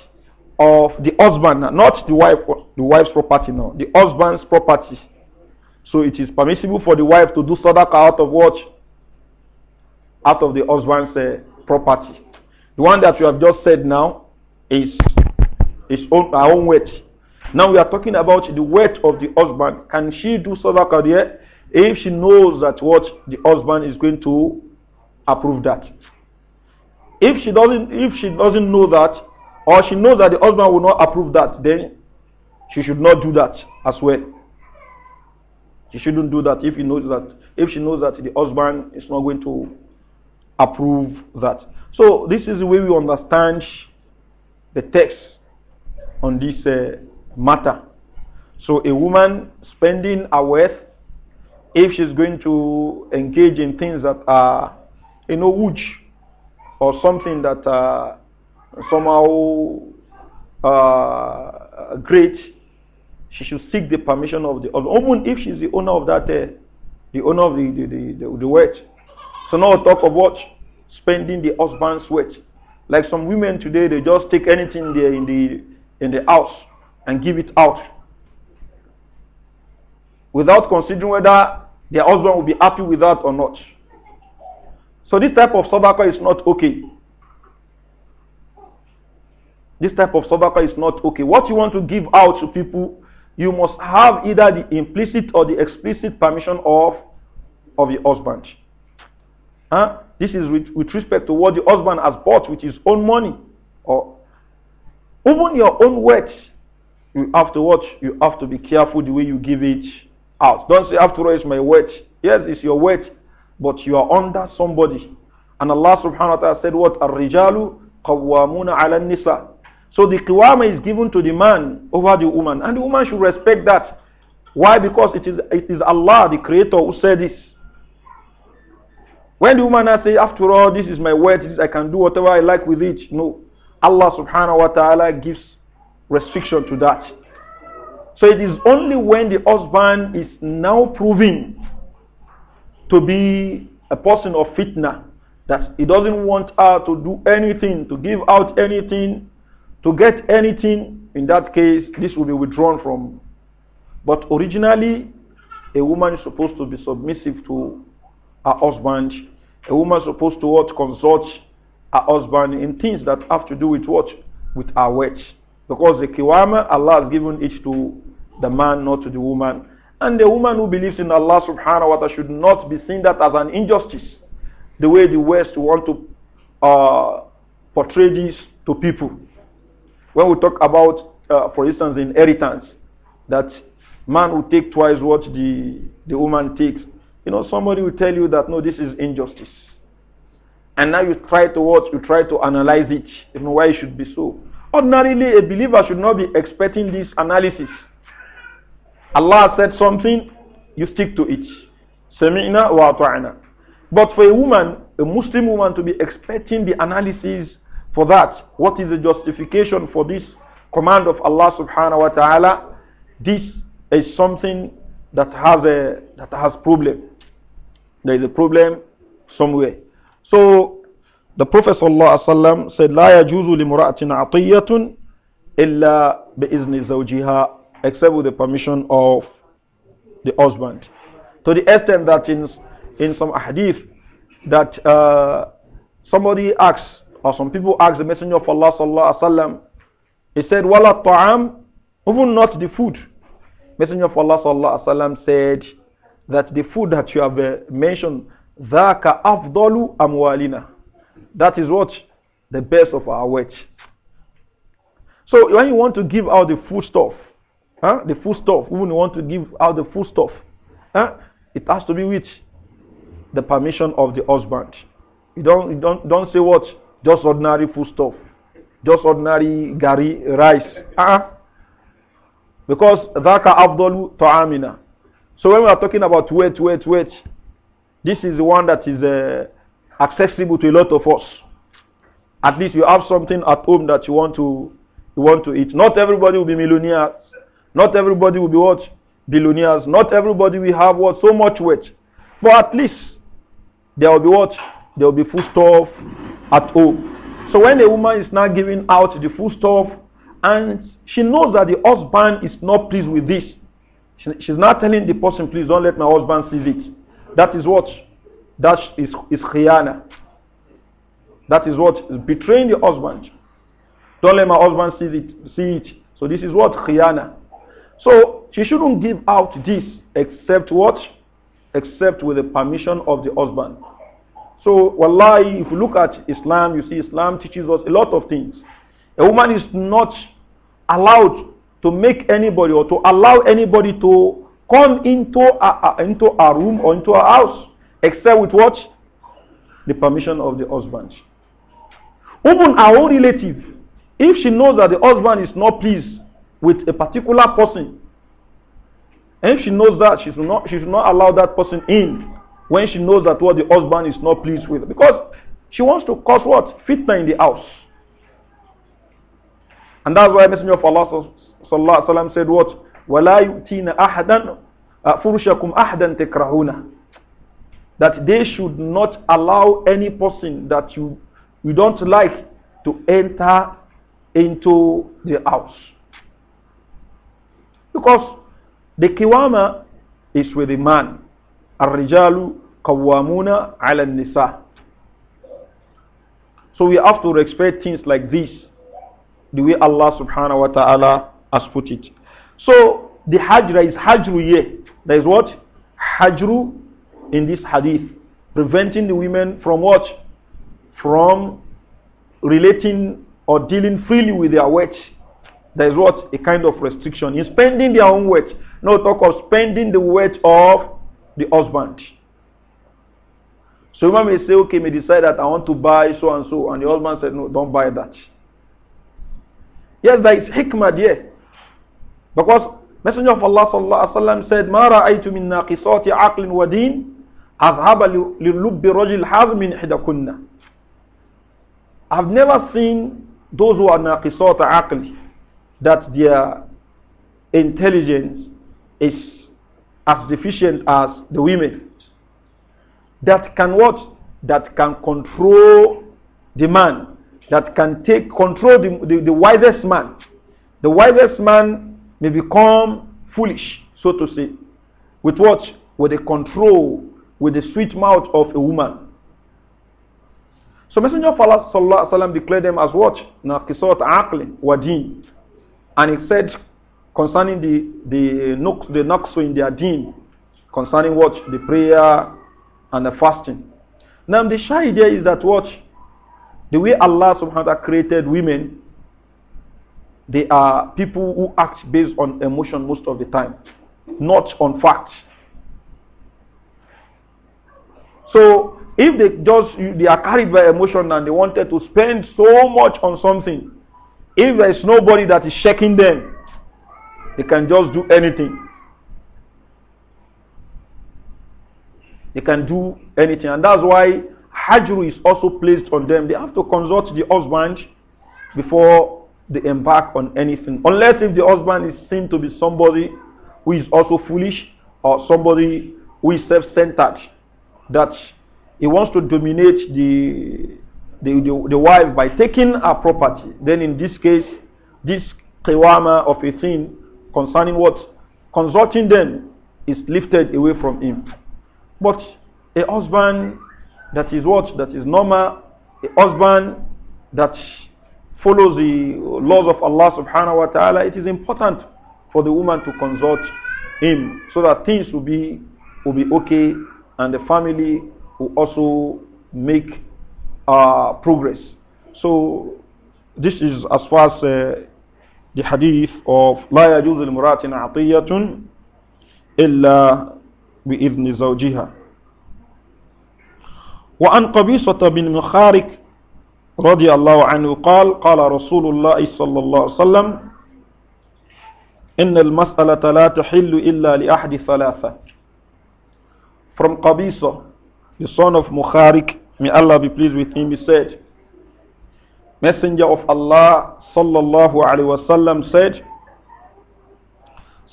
[SPEAKER 1] of the husband, not the wife, the wife's property now, the husband's property. So it is permissible for the wife to do sadaqah out of what? Out of the husband's uh, property. The one that you have just said now is his own, her own weight. Now we are talking about the weight of the husband. Can she do sadaqah there if she knows that what the husband is going to approve that? If she doesn't, if she doesn't know that, or she knows that the husband will not approve that, then she should not do that as well. She shouldn't do that if he knows that if she knows that the husband is not going to approve that. So this is the way we understand the text on this uh, matter. So a woman spending her wealth, if she's going to engage in things that are, you know, wooch or something that uh, somehow uh, great, she should seek the permission of the owner, even if she's the owner of that, uh, the owner of the, the, the, the, the So now talk of what? Spending the husband's watch. Like some women today, they just take anything there in the, in the house and give it out without considering whether their husband will be happy with that or not. So this type of sabaka is not okay. This type of sabaka is not okay. What you want to give out to people, you must have either the implicit or the explicit permission of, of the husband. Huh? This is with, with respect to what the husband has bought with his own money. Or even your own words, you have to watch, you have to be careful the way you give it out. Don't say, after all, it's my word. Yes, it's your word, but you are under somebody. And Allah subhanahu wa ta'ala said what? al rijalu qawwamuna ala nisa so the kiwama is given to the man over the woman. And the woman should respect that. Why? Because it is, it is Allah, the creator, who said this. When the woman says, after all, this is my word, I can do whatever I like with it. No. Allah subhanahu wa ta'ala gives restriction to that. So it is only when the husband is now proving to be a person of fitna that he doesn't want her to do anything, to give out anything, to get anything, in that case, this will be withdrawn from. But originally, a woman is supposed to be submissive to her husband. A woman is supposed to what? Consult her husband in things that have to do with what? With her wealth Because the kiwama, Allah has given it to the man, not to the woman. And the woman who believes in Allah subhanahu wa ta'ala should not be seen that as an injustice. The way the West want to uh, portray this to people. When we talk about, uh, for instance, inheritance, that man will take twice what the, the woman takes, you know, somebody will tell you that, no, this is injustice. And now you try to what? You try to analyze it, you know, why it should be so. Ordinarily, a believer should not be expecting this analysis. Allah said something, you stick to it. Semina wa ta'ana. But for a woman, a Muslim woman to be expecting the analysis for that? What is the justification for this command of Allah subhanahu wa ta'ala? This is something that has a that has problem. There is a problem somewhere. So the Prophet said, "La yajuzu atiyatun illa bi'izni zawjiha," except with the permission of the husband. To the extent that in in some hadith that uh, somebody asks or some people asked the Messenger of Allah sallallahu alaihi wasallam. He said, "Wala ta'am, even not the food." Messenger of Allah sallallahu alaihi wasallam said that the food that you have uh, mentioned, "Dhaka afdalu amwalina," that is what the best of our wealth. So when you want to give out the food stuff, huh? the food stuff, when you want to give out the food stuff, huh? it has to be with the permission of the husband. You don't, you don't, don't say what just ordinary foodstuff. Just ordinary gari, rice. Uh-uh. Because dhaka Abdulu ta'amina. So when we are talking about weight, weight, weight, this is the one that is uh, accessible to a lot of us. At least you have something at home that you want to you want to eat. Not everybody will be millionaires. Not everybody will be what? Billionaires. Not everybody will have what? So much weight. But at least there will be what? There will be food stuff at home. So when a woman is now giving out the food stuff and she knows that the husband is not pleased with this, she, she's not telling the person, please don't let my husband see it. That is what? That is, is khiyana. That is what? Is betraying the husband. Don't let my husband see it. See it. So this is what? Khiyana. So she shouldn't give out this except what? Except with the permission of the husband. So, wallahi, if you look at Islam, you see Islam teaches us a lot of things. A woman is not allowed to make anybody or to allow anybody to come into a, a into a room or into a house except with what? The permission of the husband. Even our own relative, if she knows that the husband is not pleased with a particular person, and if she knows that, she should not, she should not allow that person in when she knows that what the husband is not pleased with. Because she wants to cause what? Fitna in the house. And that's why Messenger of Allah sallallahu wasallam said what? وَلَا يُؤْتِينَ أَحْدًا فُرُشَكُمْ أَحْدًا That they should not allow any person that you, you don't like to enter into the house. Because the kiwama is with the man. الرجال قوامون على nisa. So we have to respect things like this, the way Allah subhanahu wa ta'ala has put it. So the hajra is hajru ye. There is what? Hajru in this hadith. Preventing the women from what? From relating or dealing freely with their wealth. There is what? A kind of restriction in spending their own wealth. No talk of spending the wealth of the husband. So woman may say, okay, may decide that I want to buy so and so, and the husband said, no, don't buy that. Yes, there is hikmah there. Because Messenger of Allah sallallahu said, ما رأيت من ناقصات عقل ودين أذهب للب رجل حظ من i I've never seen those who are ناقصات عقل that their intelligence is as deficient as the women that can what? That can control the man, that can take control the, the, the wisest man. The wisest man may become foolish, so to say, with what? With the control, with the sweet mouth of a woman. So Messenger of Allah sallallahu alaihi wasallam declared them as what? Naqisat aqlin wa And he said, concerning the the uh, nux, the naqsu in their deen, concerning what the prayer and the fasting. Now the shy idea is that what the way Allah subhanahu wa ta'ala created women, they are people who act based on emotion most of the time, not on fact. So if they just they are carried by emotion and they wanted to spend so much on something, if there is nobody that is checking them, they can just do anything. They can do anything. And that's why Hajru is also placed on them. They have to consult the husband before they embark on anything. Unless if the husband is seen to be somebody who is also foolish or somebody who is self-centered. That he wants to dominate the, the, the, the, wife by taking her property. Then in this case, this kewama of a thing concerning what? Consulting them is lifted away from him. But a husband that is what? That is normal, a husband that follows the laws of Allah subhanahu wa ta'ala, it is important for the woman to consult him so that things will be, will be okay and the family will also make uh, progress. So this is as far as uh, the hadith of لا يجوز المراتن عطية إلا بإذن زوجها وعن قبيصة بن مخارك رضي الله عنه قال قال رسول الله صلى الله عليه وسلم إن المسألة لا تحل إلا لأحد ثلاثة From Qabisa, the son of مخارك may Allah be pleased with him, he said, Messenger of Allah sallallahu alaihi wasallam said,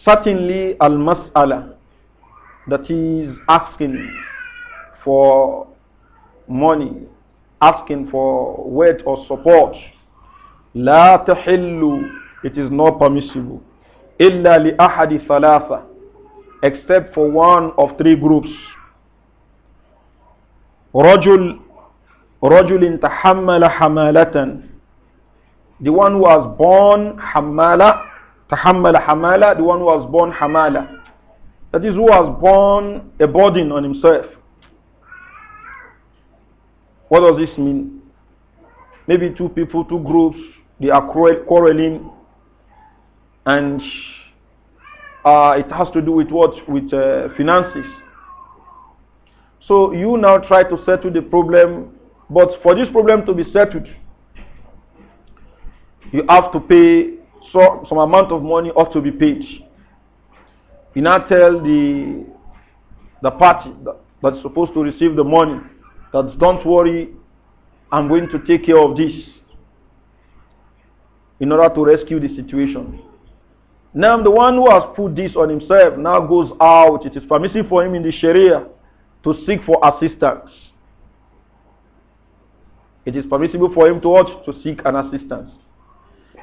[SPEAKER 1] Certainly al-mas'ala, that is asking for money, asking for weight or support, la tahillu, it is not permissible, illa li ahadi thalatha, except for one of three groups. Rajul the one who has born hamala, tahammala hamala, the one who has born hamala. That is who has borne a burden on himself. What does this mean? Maybe two people, two groups, they are quarreling and uh, it has to do with what? With uh, finances. So you now try to settle the problem but for this problem to be settled, you have to pay so, some amount of money ought to be paid. You now tell the the party that, that's supposed to receive the money that don't worry, I'm going to take care of this in order to rescue the situation. Now the one who has put this on himself now goes out. It is permissible for him in the Sharia to seek for assistance it is permissible for him to watch To seek an assistance.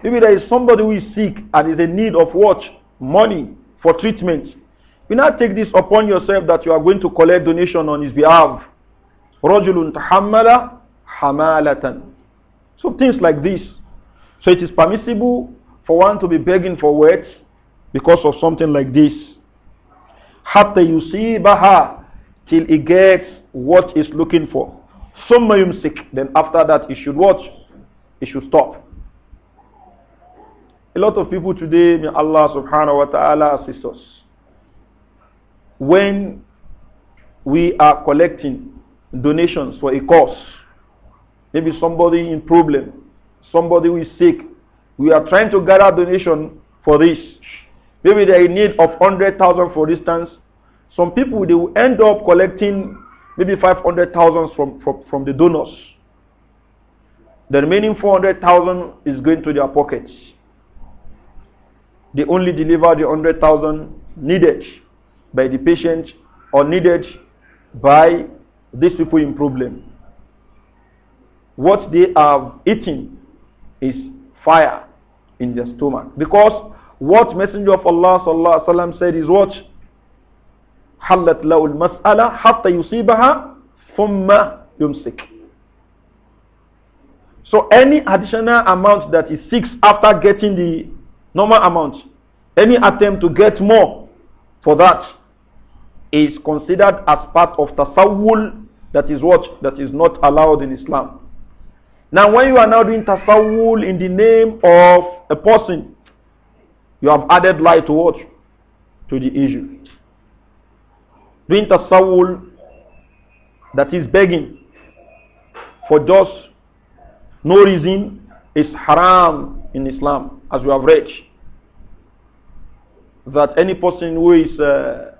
[SPEAKER 1] Maybe there is somebody who is sick and is in need of watch Money for treatment. You now take this upon yourself that you are going to collect donation on his behalf. رَجُلٌ تَحَمَّلَ حَمَالَةً So things like this. So it is permissible for one to be begging for words because of something like this. حَتَّى يُصِيبَهَا Till he gets what he's looking for. ثُمَّ sick. Then after that, it should watch. It should stop. A lot of people today, may Allah subhanahu wa ta'ala assist us. When we are collecting donations for a cause, maybe somebody in problem, somebody who is sick, we are trying to gather donation for this. Maybe they need of 100,000 for instance. Some people, they will end up collecting maybe 500,000 from, from, from the donors. The remaining 400,000 is going to their pockets. They only deliver the 100,000 needed by the patient or needed by these people in problem. What they have eaten is fire in their stomach. Because what Messenger of Allah sallallahu said is what? حلت له المسألة حتى يصيبها ثم يمسك. So any additional amount that he seeks after getting the normal amount, any attempt to get more for that is considered as part of tasawwul that is what? That is not allowed in Islam. Now when you are now doing tasawwul in the name of a person, you have added light to what? To the issue doing tasawwul that is begging for just no reason is haram in Islam as we have read that any person who is uh,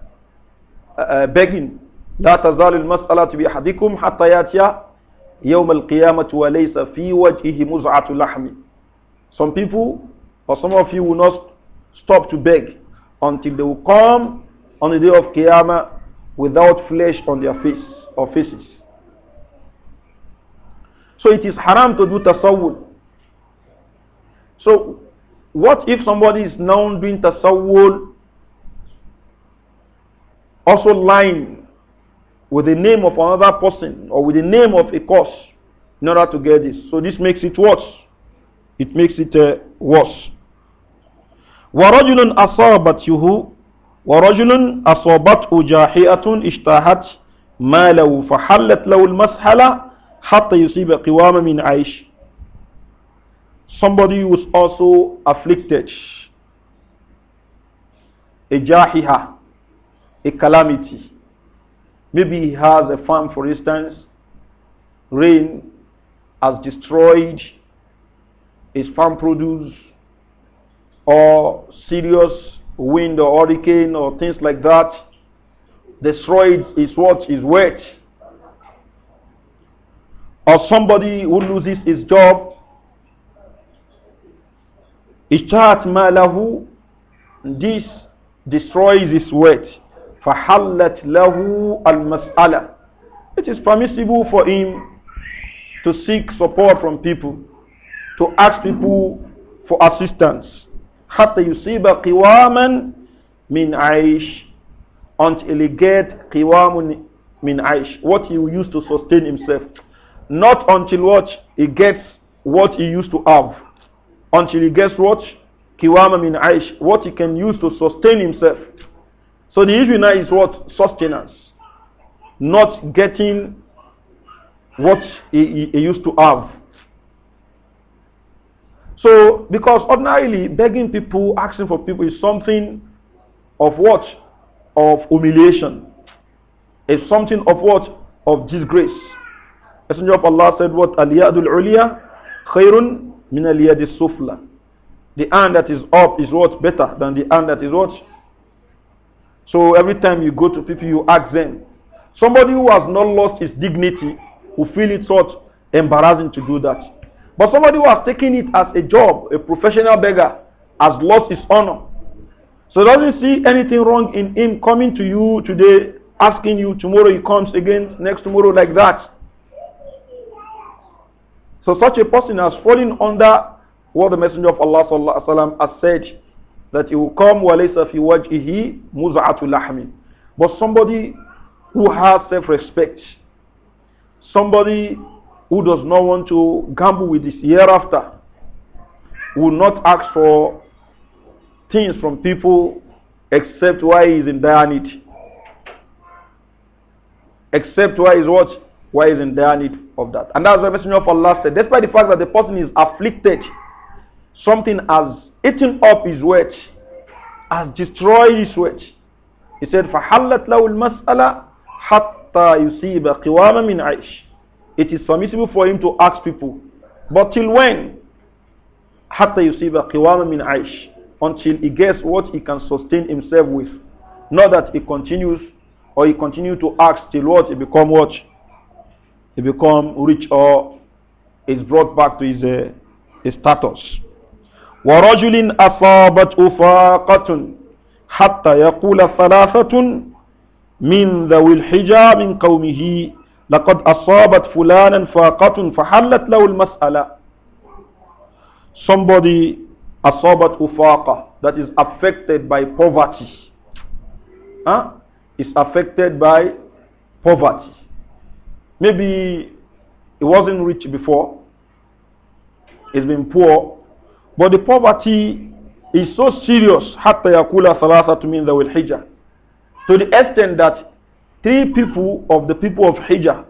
[SPEAKER 1] uh, uh begging لا تزال المسألة بأحدكم حتى يأتي يوم القيامة وليس في وجهه مزعة لحم Some people or some of you will not stop to beg until they will come on the day of Qiyamah without flesh on their face or faces. So it is haram to do tasawwul. So what if somebody is known doing tasawwul also lying with the name of another person or with the name of a cause in order to get this? So this makes it worse. It makes it uh, worse. وَرَجُلٌ أَصَابَتْ يُهُ ورجل أصابته جاحية ما ماله فحلت له المسحلة حتى يصيب قوام من عيش Somebody was also afflicted a jahiha, a calamity. Maybe he has a farm, for instance. Rain has destroyed his farm produce or serious wind or hurricane or things like that destroyed his what his wealth or somebody who loses his job اشتهت malahu, this destroys his wealth فحلت له المسألة it is permissible for him to seek support from people to ask people for assistance حتى يصيب قواما min aish until he get qiwamun min aish what he used to sustain himself not until what he gets what he used to have until he gets what what he can use to sustain himself so the issue now is what sustenance not getting what he, he, he used to have so, because ordinarily begging people, asking for people is something of what? Of humiliation. It's something of what? Of disgrace. Messenger of Allah said what? Aliyadul uliya khairun min aliyadis sufla. The hand that is up is what? Better than the hand that is what? So every time you go to people, you ask them. Somebody who has not lost his dignity will feel it's what? Embarrassing to do that. But somebody who has taken it as a job, a professional beggar, has lost his honor. So doesn't see anything wrong in him coming to you today, asking you tomorrow he comes again, next tomorrow like that. So such a person has fallen under what the Messenger of Allah sallallahu alaihi wasallam has said that he will come walaysa fi wajhihi muz'atul lahmi. But somebody who has self-respect, somebody who does not want to gamble with this hereafter will not ask for things from people except why he is in dire need. Except why is what? Why is in dire need of that. And that's the Messenger of Allah said, despite the fact that the person is afflicted, something has eaten up his wealth, has destroyed his wealth. He said, فَحَلَّتْ لَهُ الْمَسْأَلَةِ حَتَّى يُصِيبَ قِوَامًا مِنْ عَيْشٍ it is permissible for him to ask people. But till when? Hatta yusiba qiwama min aish. Until he gets what he can sustain himself with. Not that he continues or he continue to ask till what? He become what? He become rich or is brought back to his, uh, his status. ورجل أصابته فاقة حتى يقول ثلاثة من ذوي الحجى من قومه لقد أصابت فلانا فاقة فحلت له المسألة somebody أصابت فاقة that is affected by poverty huh? is affected by poverty maybe he wasn't rich before he's been poor but the poverty is so serious حتى يقول ثلاثة من ذوي الحجة to the extent that three people of the people of Hijjah,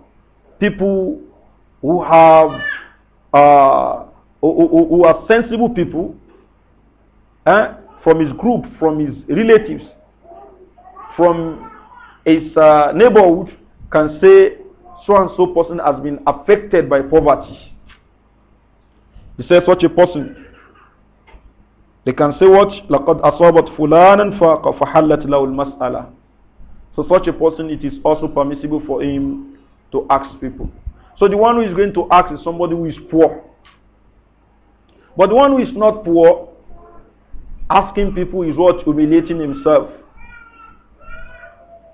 [SPEAKER 1] people who have uh, who, who, are sensible people eh, from his group, from his relatives, from his uh, neighborhood can say so and so person has been affected by poverty. He says, such a person. They can say what? لَقَدْ أَصَابَتْ فُلَانًا فَحَلَّتْ لَهُ الْمَسْأَلَةِ so such a person, it is also permissible for him to ask people. So the one who is going to ask is somebody who is poor. But the one who is not poor, asking people is what? Humiliating himself.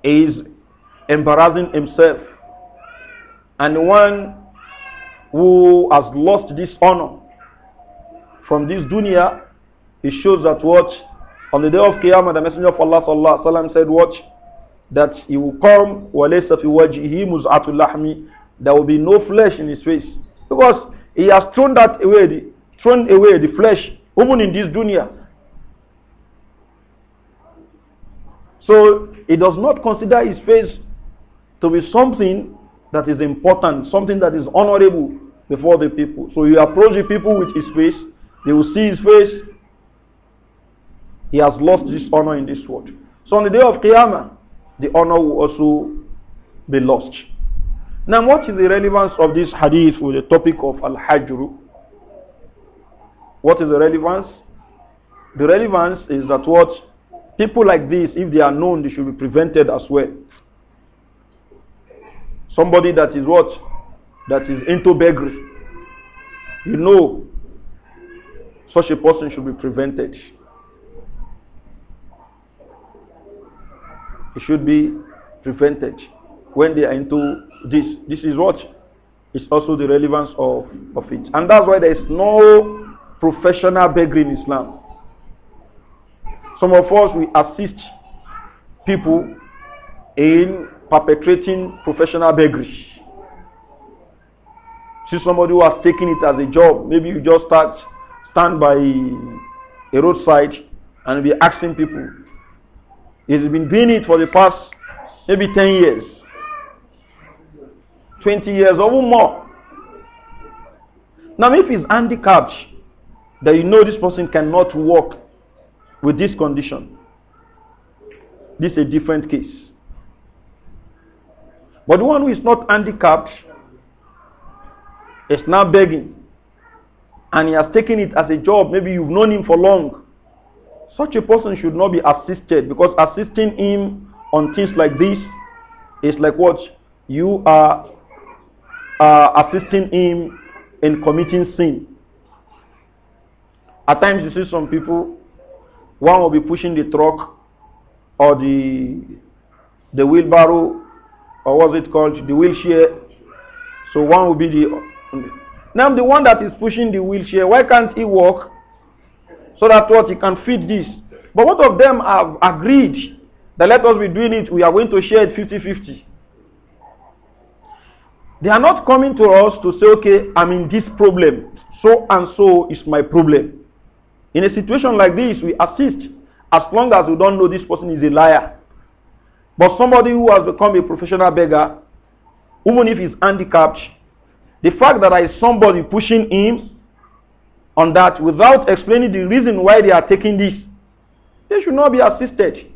[SPEAKER 1] He is embarrassing himself. And the one who has lost this honor from this dunya, he shows that what? On the day of Qiyamah, the Messenger of Allah sallallahu said, Watch, that he will come وَلَيْسَ fi وَجْهِهِ مُزْعَةُ اللَّحْمِ There will be no flesh in his face. Because he has thrown that away, the, thrown away the flesh, even in this dunya. So he does not consider his face to be something that is important, something that is honorable before the people. So you approach the people with his face, they will see his face. He has lost this honor in this world. So on the day of Qiyamah, the honor will also be lost. Now, what is the relevance of this hadith with the topic of Al Hajru? What is the relevance? The relevance is that what people like this, if they are known, they should be prevented as well. Somebody that is what? That is into beggary. You know, such a person should be prevented. It should be prevented when they are into this. This is what is also the relevance of, of it. And that's why there is no professional beggary in Islam. Some of us, we assist people in perpetrating professional beggary. See somebody who has taken it as a job. Maybe you just start stand by a roadside and be asking people, He's been doing it for the past maybe 10 years, 20 years or more. Now, if he's handicapped, that you know this person cannot walk with this condition, this is a different case. But the one who is not handicapped is now begging, and he has taken it as a job. Maybe you've known him for long. Such a person should not be assisted because assisting him on things like this is like what you are uh, assisting him in committing sin. At times you see some people, one will be pushing the truck or the the wheelbarrow or what's it called, the wheelchair. So one will be the now the one that is pushing the wheelchair. Why can't he walk? so that what you can feed this. But both of them have agreed that let us be doing it. We are going to share it 50 50. They are not coming to us to say, okay, I'm in this problem. So and so is my problem. In a situation like this, we assist as long as we don't know this person is a liar. But somebody who has become a professional beggar, even if he's handicapped, the fact that there is somebody pushing him on that without explaining the reason why they are taking this, they should not be assisted.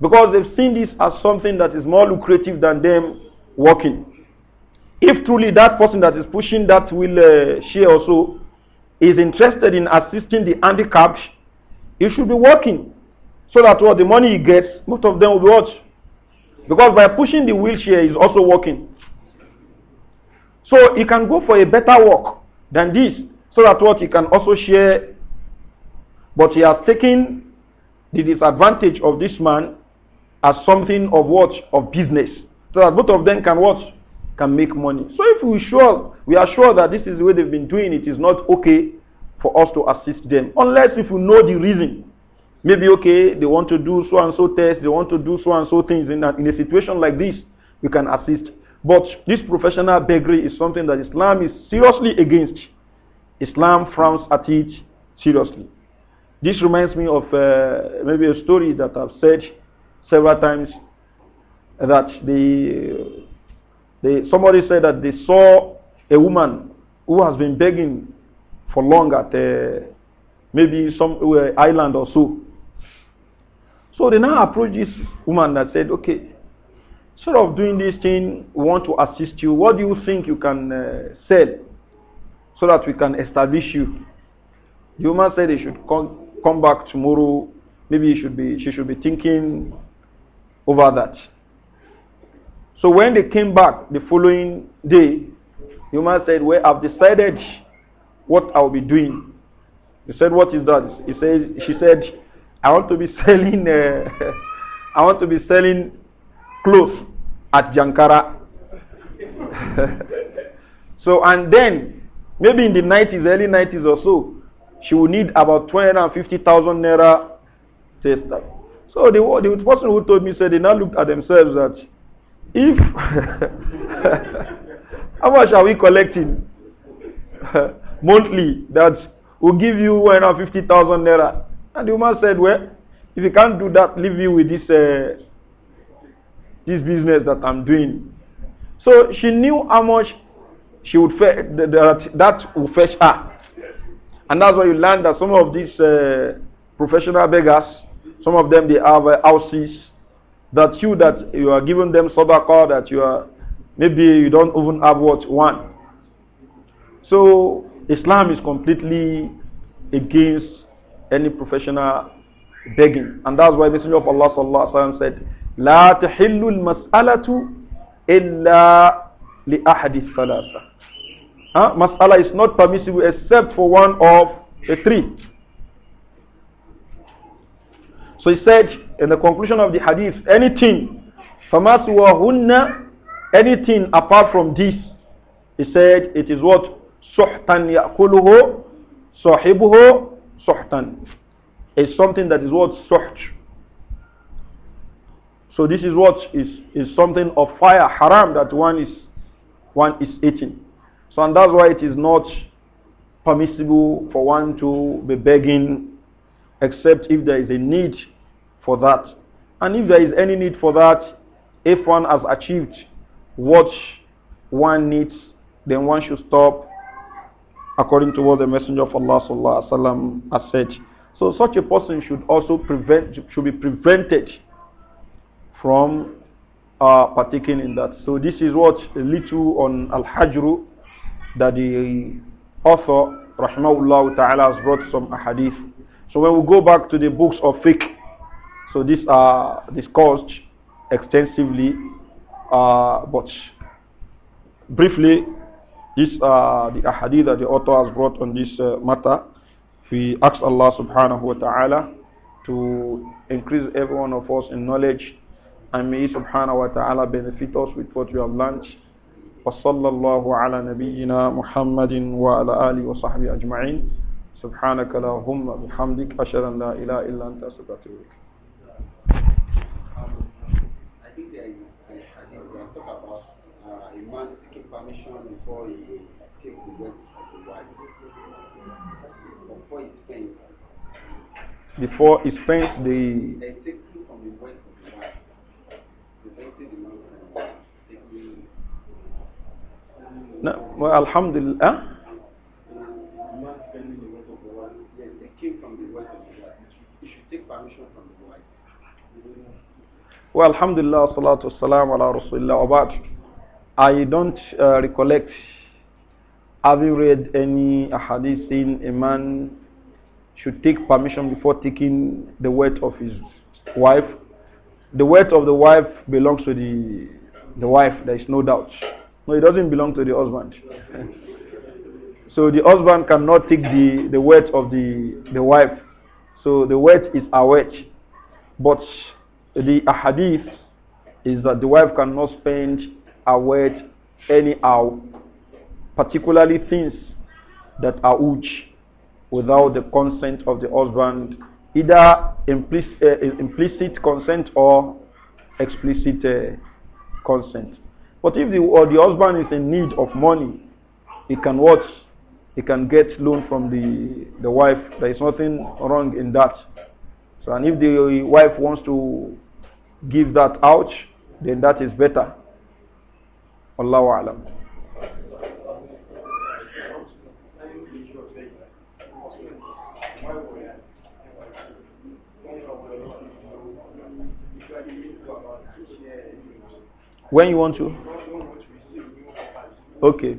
[SPEAKER 1] Because they've seen this as something that is more lucrative than them working. If truly that person that is pushing that will uh, share also is interested in assisting the handicapped, he should be working. So that what the money he gets, most of them will be what? Because by pushing the wheelchair, he's also working. So he can go for a better work than this so that what he can also share. But he has taken the disadvantage of this man as something of what? Of business. So that both of them can what? Can make money. So if we sure we are sure that this is the way they've been doing it is not okay for us to assist them. Unless if we know the reason maybe okay they want to do so and so tests they want to do so and so things in a, in a situation like this we can assist but this professional beggary is something that islam is seriously against Islam frowns at it seriously. This reminds me of uh, maybe a story that I've said several times that the, the, somebody said that they saw a woman who has been begging for long at uh, maybe some uh, island or so. So they now approached this woman that said, okay, instead of doing this thing, we want to assist you. What do you think you can uh, sell? so that we can establish you. The woman said he should come, come back tomorrow. Maybe he should be, she should be thinking over that. So when they came back the following day, the woman said, Well, I've decided what I'll be doing. He said, What is that? He says, she said, I want to be selling uh, I want to be selling clothes at Jankara. so and then Maybe in the 90s, early 90s or so, she would need about 250,000 naira tester. So the, the person who told me said they now looked at themselves that if how much are we collecting monthly that will give you 250,000 naira? And the woman said, well, if you can't do that, leave me with this uh, this business that I'm doing. So she knew how much she would that, that will fetch her. And that's why you learn that some of these uh, professional beggars, some of them they have uh, houses that you that you are giving them sadaqah that you are maybe you don't even have what one. So Islam is completely against any professional begging, and that's why the Messenger of Allah sallallahu alaihi wasallam said, "La tahillu al-mas'alatu illa li ahadi thalatha." Mas'ala is not permissible except for one of the three. So he said in the conclusion of the hadith, anything, فَمَسْوَهُنَّ Anything apart from this, he said it is what? سُحْتًا يَأْكُلُهُ صَحِبُهُ سُحْتًا It's something that is what? سُحْت So this is what is, is something of fire, haram, that one is, one is eating. So and that's why it is not permissible for one to be begging except if there is a need for that. And if there is any need for that, if one has achieved what one needs, then one should stop according to what the Messenger of Allah has said. So such a person should also prevent should be prevented from uh, partaking in that. So this is what a little on al-hajru that the author, Rahmahullah Ta'ala, has brought some hadith. So when we go back to the books of fiqh, so these are discussed extensively, uh, but briefly, these are the hadith that the author has brought on this uh, matter. We ask Allah subhanahu wa ta'ala to increase every one of us in knowledge and may subhanahu wa ta'ala benefit us with what we have learned. وصلى الله على نبينا محمد وعلى آله وصحبه أجمعين سبحانك اللهم بحمدك أشهد أن لا إله إلا أنت أستغفرك
[SPEAKER 2] uh, man permission before he take the word of the wife, before he spends.
[SPEAKER 1] Before he spends the. No, well, alhamdulillah. Well, alhamdulillah, salatu Salam ala rasulillah abad. I don't uh, recollect having read any hadith saying a man should take permission before taking the word of his wife. The word of the wife belongs to the, the wife, there is no doubt. No, it doesn't belong to the husband. so the husband cannot take the, the weight of the, the wife. So the weight is a weight. But the hadith is that the wife cannot spend a weight anyhow, particularly things that are uj without the consent of the husband, either implicit, uh, implicit consent or explicit uh, consent. But if the, or the husband is in need of money, he can what? He can get loan from the, the wife. There is nothing wrong in that. So, and if the wife wants to give that out, then that is better. Allahu Alam. When you want to? Okay.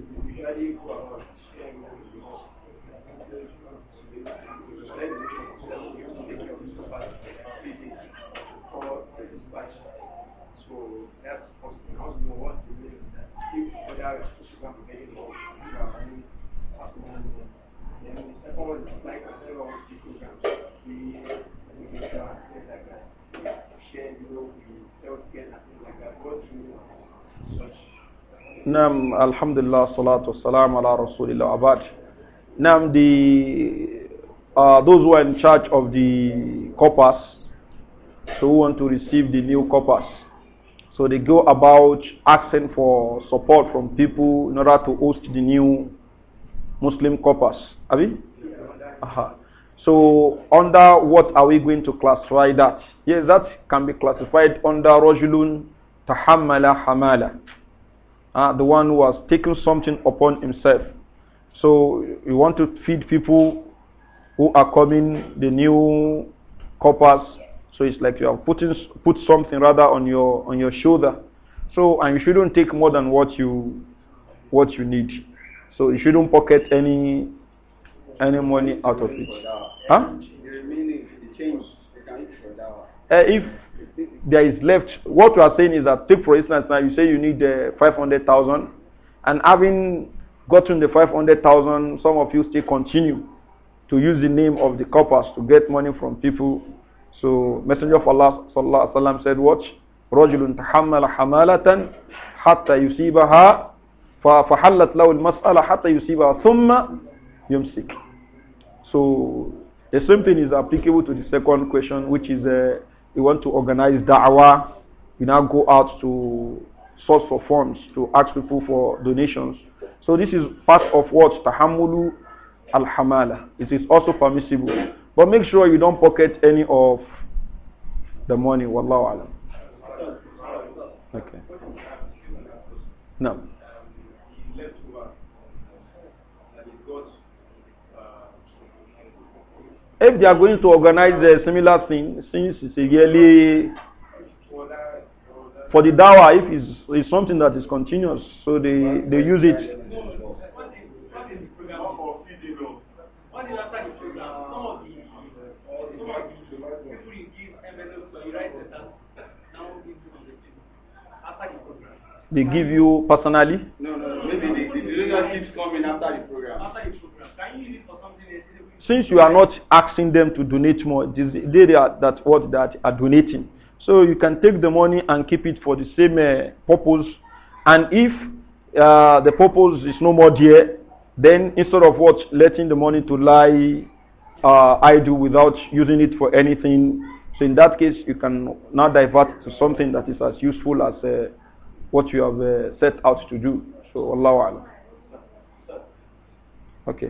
[SPEAKER 1] Nam Alhamdulillah Salatu Salam ala Rasulillah Abad. Nam the uh, those who are in charge of the coppers, so who want to receive the new coppers. So they go about asking for support from people in order to host the new Muslim coppers. Abi? Uh -huh. So under what are we going to classify that? Yes, that can be classified under Rajulun Tahammala Hamala uh, the one who has taken something upon himself. So you want to feed people who are coming, the new coppers. So it's like you have putting put something rather on your on your shoulder. So and you shouldn't take more than what you what you need. So you shouldn't pocket any any money out of it. Huh? Uh, if there is left. What you are saying is that, take for instance, now you say you need uh, 500,000, and having gotten the 500,000, some of you still continue to use the name of the corpus to get money from people. So, Messenger of Allah sallallahu sallam, said, Watch, رَجُلٌ تَحَمَّلَ حَمَالَةً حَتَّى يُصِيبَهَا فَحَلَّتْ لَهُ الْمَسْأَلَةَ حَتَّى يُصِيبَهَا ثُمَّ يُمْسِكْ So, the same thing is applicable to the second question, which is uh, you want to organize da'wah, you now go out to source for funds to ask people for donations. So this is part of what tahamulu al-hamala. It is also permissible, but make sure you don't pocket any of the money. Wallahu alam. Okay. No. If they are going to organize a similar thing, since it's a yearly for the dawah, if it's, it's, something that is continuous, so they, they use it. They give you personally?
[SPEAKER 2] No, no, Maybe the, the leader keeps coming after the since you
[SPEAKER 1] are not asking them to donate more, it is they that what that are donating. So you can take the money and keep it for the same uh, purpose. And if uh, the purpose is no more there, then instead of what letting the money to lie uh, idle without using it for anything, so in that case you can now divert to something that is as useful as uh, what you have uh, set out to do. So Allah. Okay.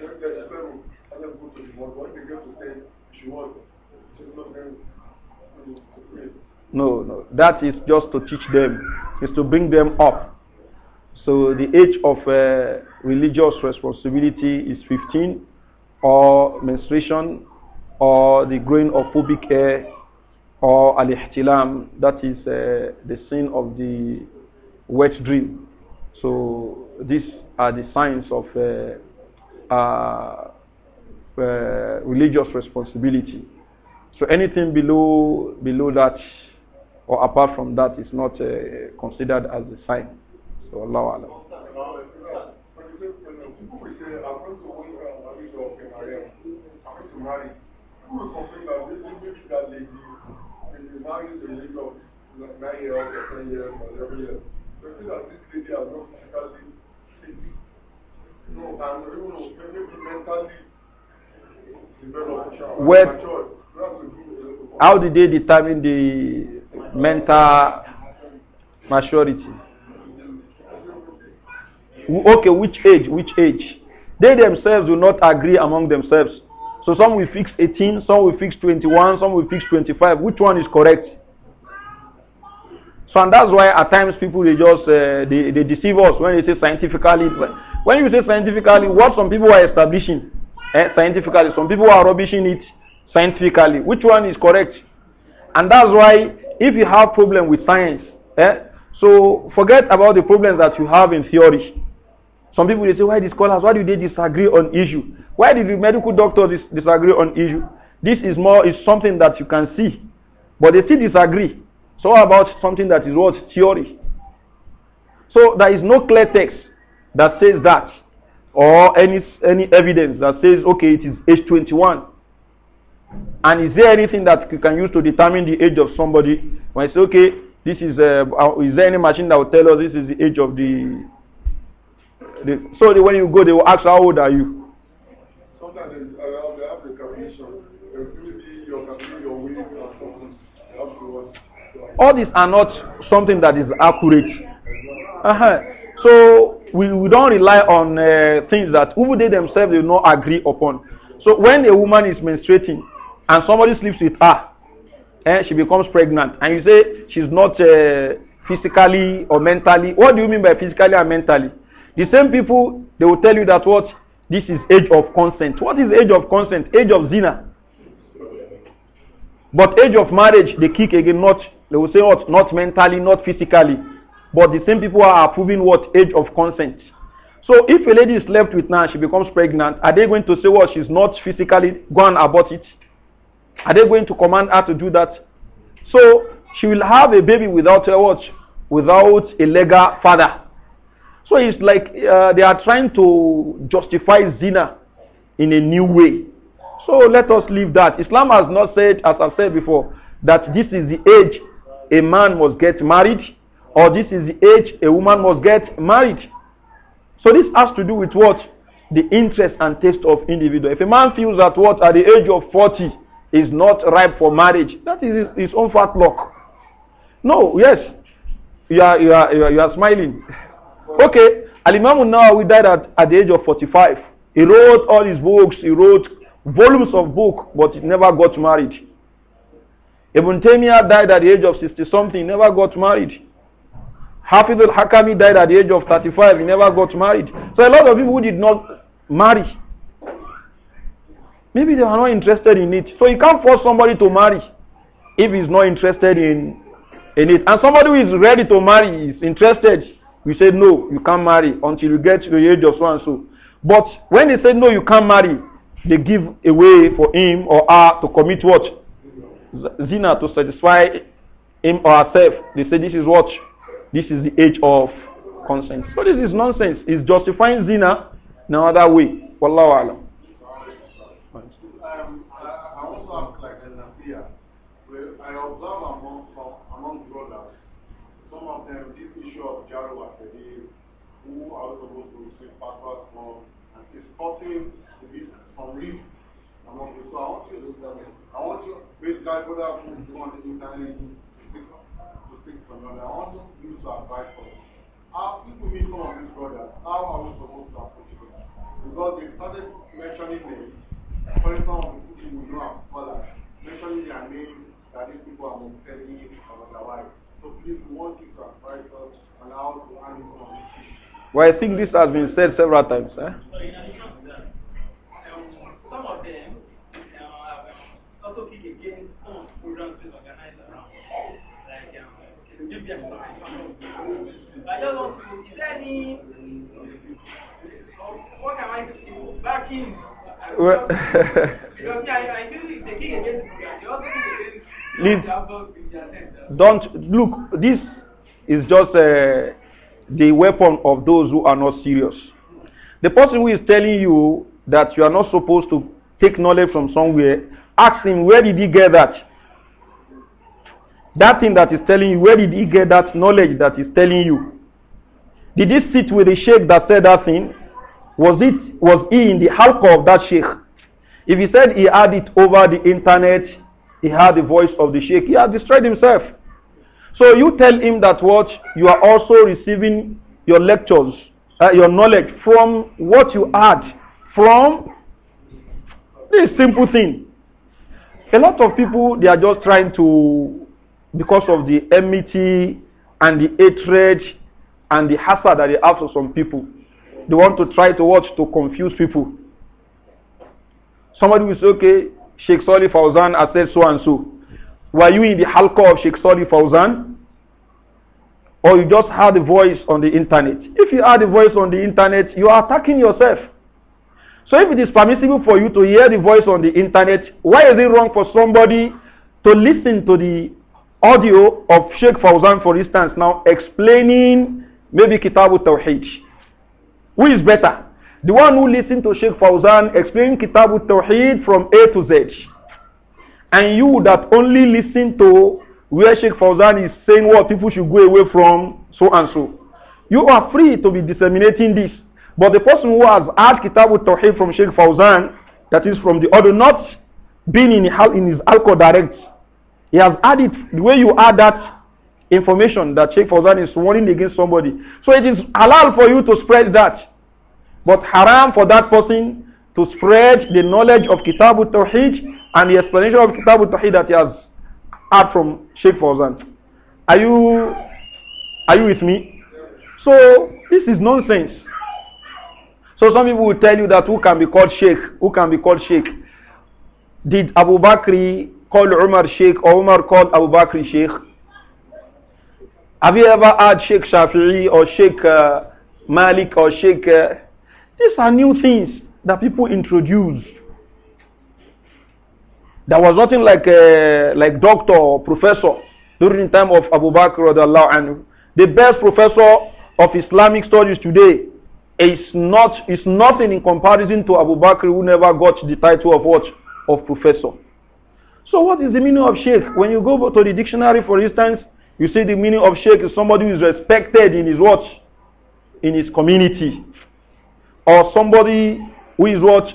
[SPEAKER 1] No, no, that is just to teach them, is to bring them up. So the age of uh, religious responsibility is 15, or menstruation, or the growing of pubic hair, or al-ihtilam, that is uh, the sin of the wet dream. So these are the signs of uh, uh religious responsibility. So anything below below that or apart from that is not uh, considered as a sign. So Allah Allah.
[SPEAKER 2] No, and mentally
[SPEAKER 1] where, how did they determine the mental maturity? Okay, which age? Which age? They themselves will not agree among themselves. So some will fix 18, some will fix 21, some will fix 25. Which one is correct? So and that's why at times people they just uh, they, they deceive us when they say scientifically. When you say scientifically, what some people are establishing eh, scientifically. Some people are rubbishing it scientifically. Which one is correct? And that's why if you have problem with science, eh, so forget about the problems that you have in theory. Some people they say, why the scholars? Why do they disagree on issue? Why do the medical doctors dis disagree on issue? This is more is something that you can see, but they still disagree. So about something that is what theory. So there is no clear text that says that or any any evidence that says okay it is age 21 and is there anything that you can use to determine the age of somebody when i say okay this is uh, uh, is there any machine that will tell us this is the age of the, the so the, when you go they will ask how old are you
[SPEAKER 2] sometimes they, uh, have the calculation uh,
[SPEAKER 1] all these are not something that is accurate uh -huh. So we, we don't rely on uh, things that who they themselves will not agree upon. So when a woman is menstruating and somebody sleeps with her, and eh, she becomes pregnant, and you say she's not uh, physically or mentally. What do you mean by physically and mentally? The same people they will tell you that what this is age of consent. What is age of consent? Age of zina. But age of marriage, they kick again. Not they will say what? Not mentally, not physically. But the same people are approving what age of consent. So if a lady is left with now, she becomes pregnant, are they going to say what well, she's not physically gone about it? Are they going to command her to do that? So she will have a baby without a watch, without a legal father. So it's like uh, they are trying to justify zina in a new way. So let us leave that. Islam has not said, as I've said before, that this is the age a man must get married or this is the age a woman must get married. So this has to do with what? The interest and taste of individual. If a man feels that what at the age of 40 is not ripe for marriage, that is his, own fat luck. No, yes, you are, you are, you are, you are smiling. Okay, Al-Imam Nawawi died at, at the age of 45. He wrote all his books, he wrote volumes of book, but he never got married. Ibn Taymiyyah died at the age of 60 something, never got married. Hafiz hakami died at the age of 35. He never got married. So a lot of people who did not marry, maybe they are not interested in it. So you can't force somebody to marry if he's not interested in, in it. And somebody who is ready to marry is interested. We say, no, you can't marry until you get to the age of so and so. But when they say, no, you can't marry, they give a way for him or her to commit what? Zina to satisfy him or herself. They say, this is what? This is the age of consent. So this is nonsense. It's justifying zina in another way. Wallahu alam.
[SPEAKER 2] Um, I, also like I among brothers, some of them, of who are it's I want you to, please on the internet from your I want you to advise us. How, if we meet some of these brothers, how are we supposed to approach them? Because they started mentioning names. For example, people know scholars, mentioning their names that these people are So please, we want you to advise us on how to handle some of these
[SPEAKER 1] Well, I think this has been said several times. Eh?
[SPEAKER 2] them. want to,
[SPEAKER 1] what am I back in? Well, Don't, look, this is just uh, the weapon of those who are not serious. The person who is telling you that you are not supposed to take knowledge from somewhere, ask him, where did he get that? That thing that is telling you, where did he get that knowledge that is telling you? Did he sit with the sheikh that said that thing? Was it was he in the halqa of that sheikh? If he said he had it over the internet, he had the voice of the sheikh, he had destroyed himself. So you tell him that what you are also receiving your lectures, uh, your knowledge from what you had from this simple thing. A lot of people they are just trying to because of the enmity and the hatred and the hazard that they have for some people. They want to try to watch to confuse people. Somebody will say, okay, Sheikh Soli Fauzan has said so and so. Were you in the halqa of Sheikh Soli Fauzan? Or you just heard a voice on the internet? If you heard a voice on the internet, you are attacking yourself. So if it is permissible for you to hear the voice on the internet, why is it wrong for somebody to listen to the audio of Sheikh Fawzan, for instance, now explaining maybe Kitabu Tawheed. Who is better? The one who listens to Sheikh Fawzan explaining Kitabu Tawheed from A to Z. And you that only listen to where Sheikh Fawzan is saying what people should go away from, so and so. You are free to be disseminating this. But the person who has had Kitabu Tawheed from Sheikh Fawzan, that is from the other, not being in, in his alcohol direct, he has added The way you add that information that Sheikh Fawzan is warning against somebody. So it is halal for you to spread that. But haram for that person to spread the knowledge of Kitabu al-Tawheed and the explanation of Kitabu al-Tawheed that he has had from Sheikh Fawzan. Are you, are you with me? So this is nonsense. So some people will tell you that who can be called Sheikh? Who can be called Sheikh? Did Abu Bakr call Umar Sheikh or Umar called Abu Bakr Sheikh? Have you ever heard Sheikh Shafi'i or Sheikh uh, Malik or Sheikh? Uh, these are new things that people introduce. There was nothing like uh, like doctor or professor during the time of Abu Bakr and The best professor of Islamic studies today is not is nothing in comparison to Abu Bakr who never got the title of what of professor. So what is the meaning of sheikh? When you go to the dictionary, for instance, you see the meaning of sheikh is somebody who is respected in his what? In his community. Or somebody who is what?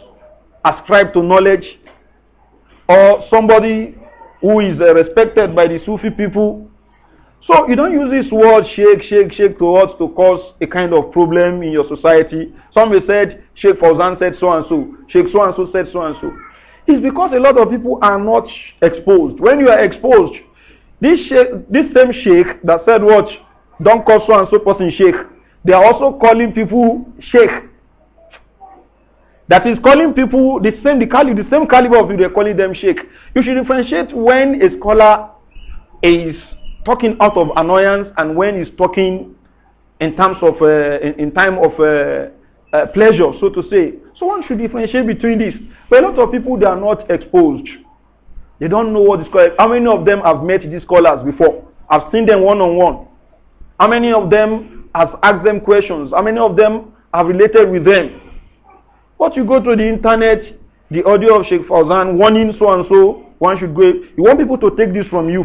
[SPEAKER 1] Ascribed to knowledge. Or somebody who is uh, respected by the Sufi people. So you don't use this word sheikh, sheikh, shake towards to cause a kind of problem in your society. Somebody said, Sheikh Fauzan said so and so. Sheikh so and so said so and so. It's because a lot of people are not exposed. When you are exposed, this sheikh, this same sheikh that said "Watch, don't call so and so person sheikh, they are also calling people sheikh. That is calling people the same the caliber, the same caliber of you, they're calling them sheikh. You should differentiate when a scholar is talking out of annoyance and when he's talking in terms of uh, in, in, time of uh, uh, pleasure, so to say. So one should differentiate between these. But a lot of people, they are not exposed. They don't know what is called. How many of them have met these scholars before? I've seen them one on one. How many of them have asked them questions? How many of them have related with them? But you go to the internet, the audio of Sheikh Fauzan warning so and so, one should go. You want people to take this from you.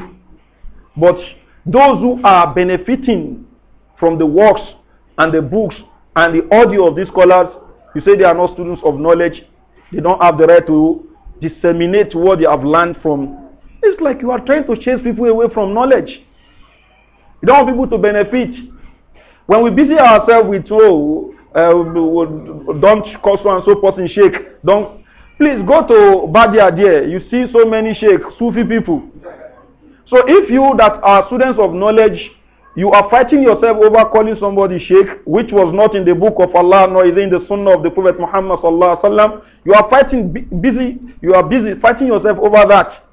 [SPEAKER 1] But those who are benefiting from the works and the books and the audio of these scholars, you say they are not students of knowledge. They don't have the right to disseminate what they have learned from. It's like you are trying to chase people away from knowledge. You don't want people to benefit. When we busy ourselves with, oh, uh, don't call so and so person shake. Don't. Please go to Badia there. You see so many sheikh, Sufi people. So if you that are students of knowledge, you are fighting yourself over calling somebody sheikh, which was not in the book of Allah nor is it in the sunnah of the Prophet Muhammad sallallahu alaihi wasallam. You are fighting busy. You are busy fighting yourself over that.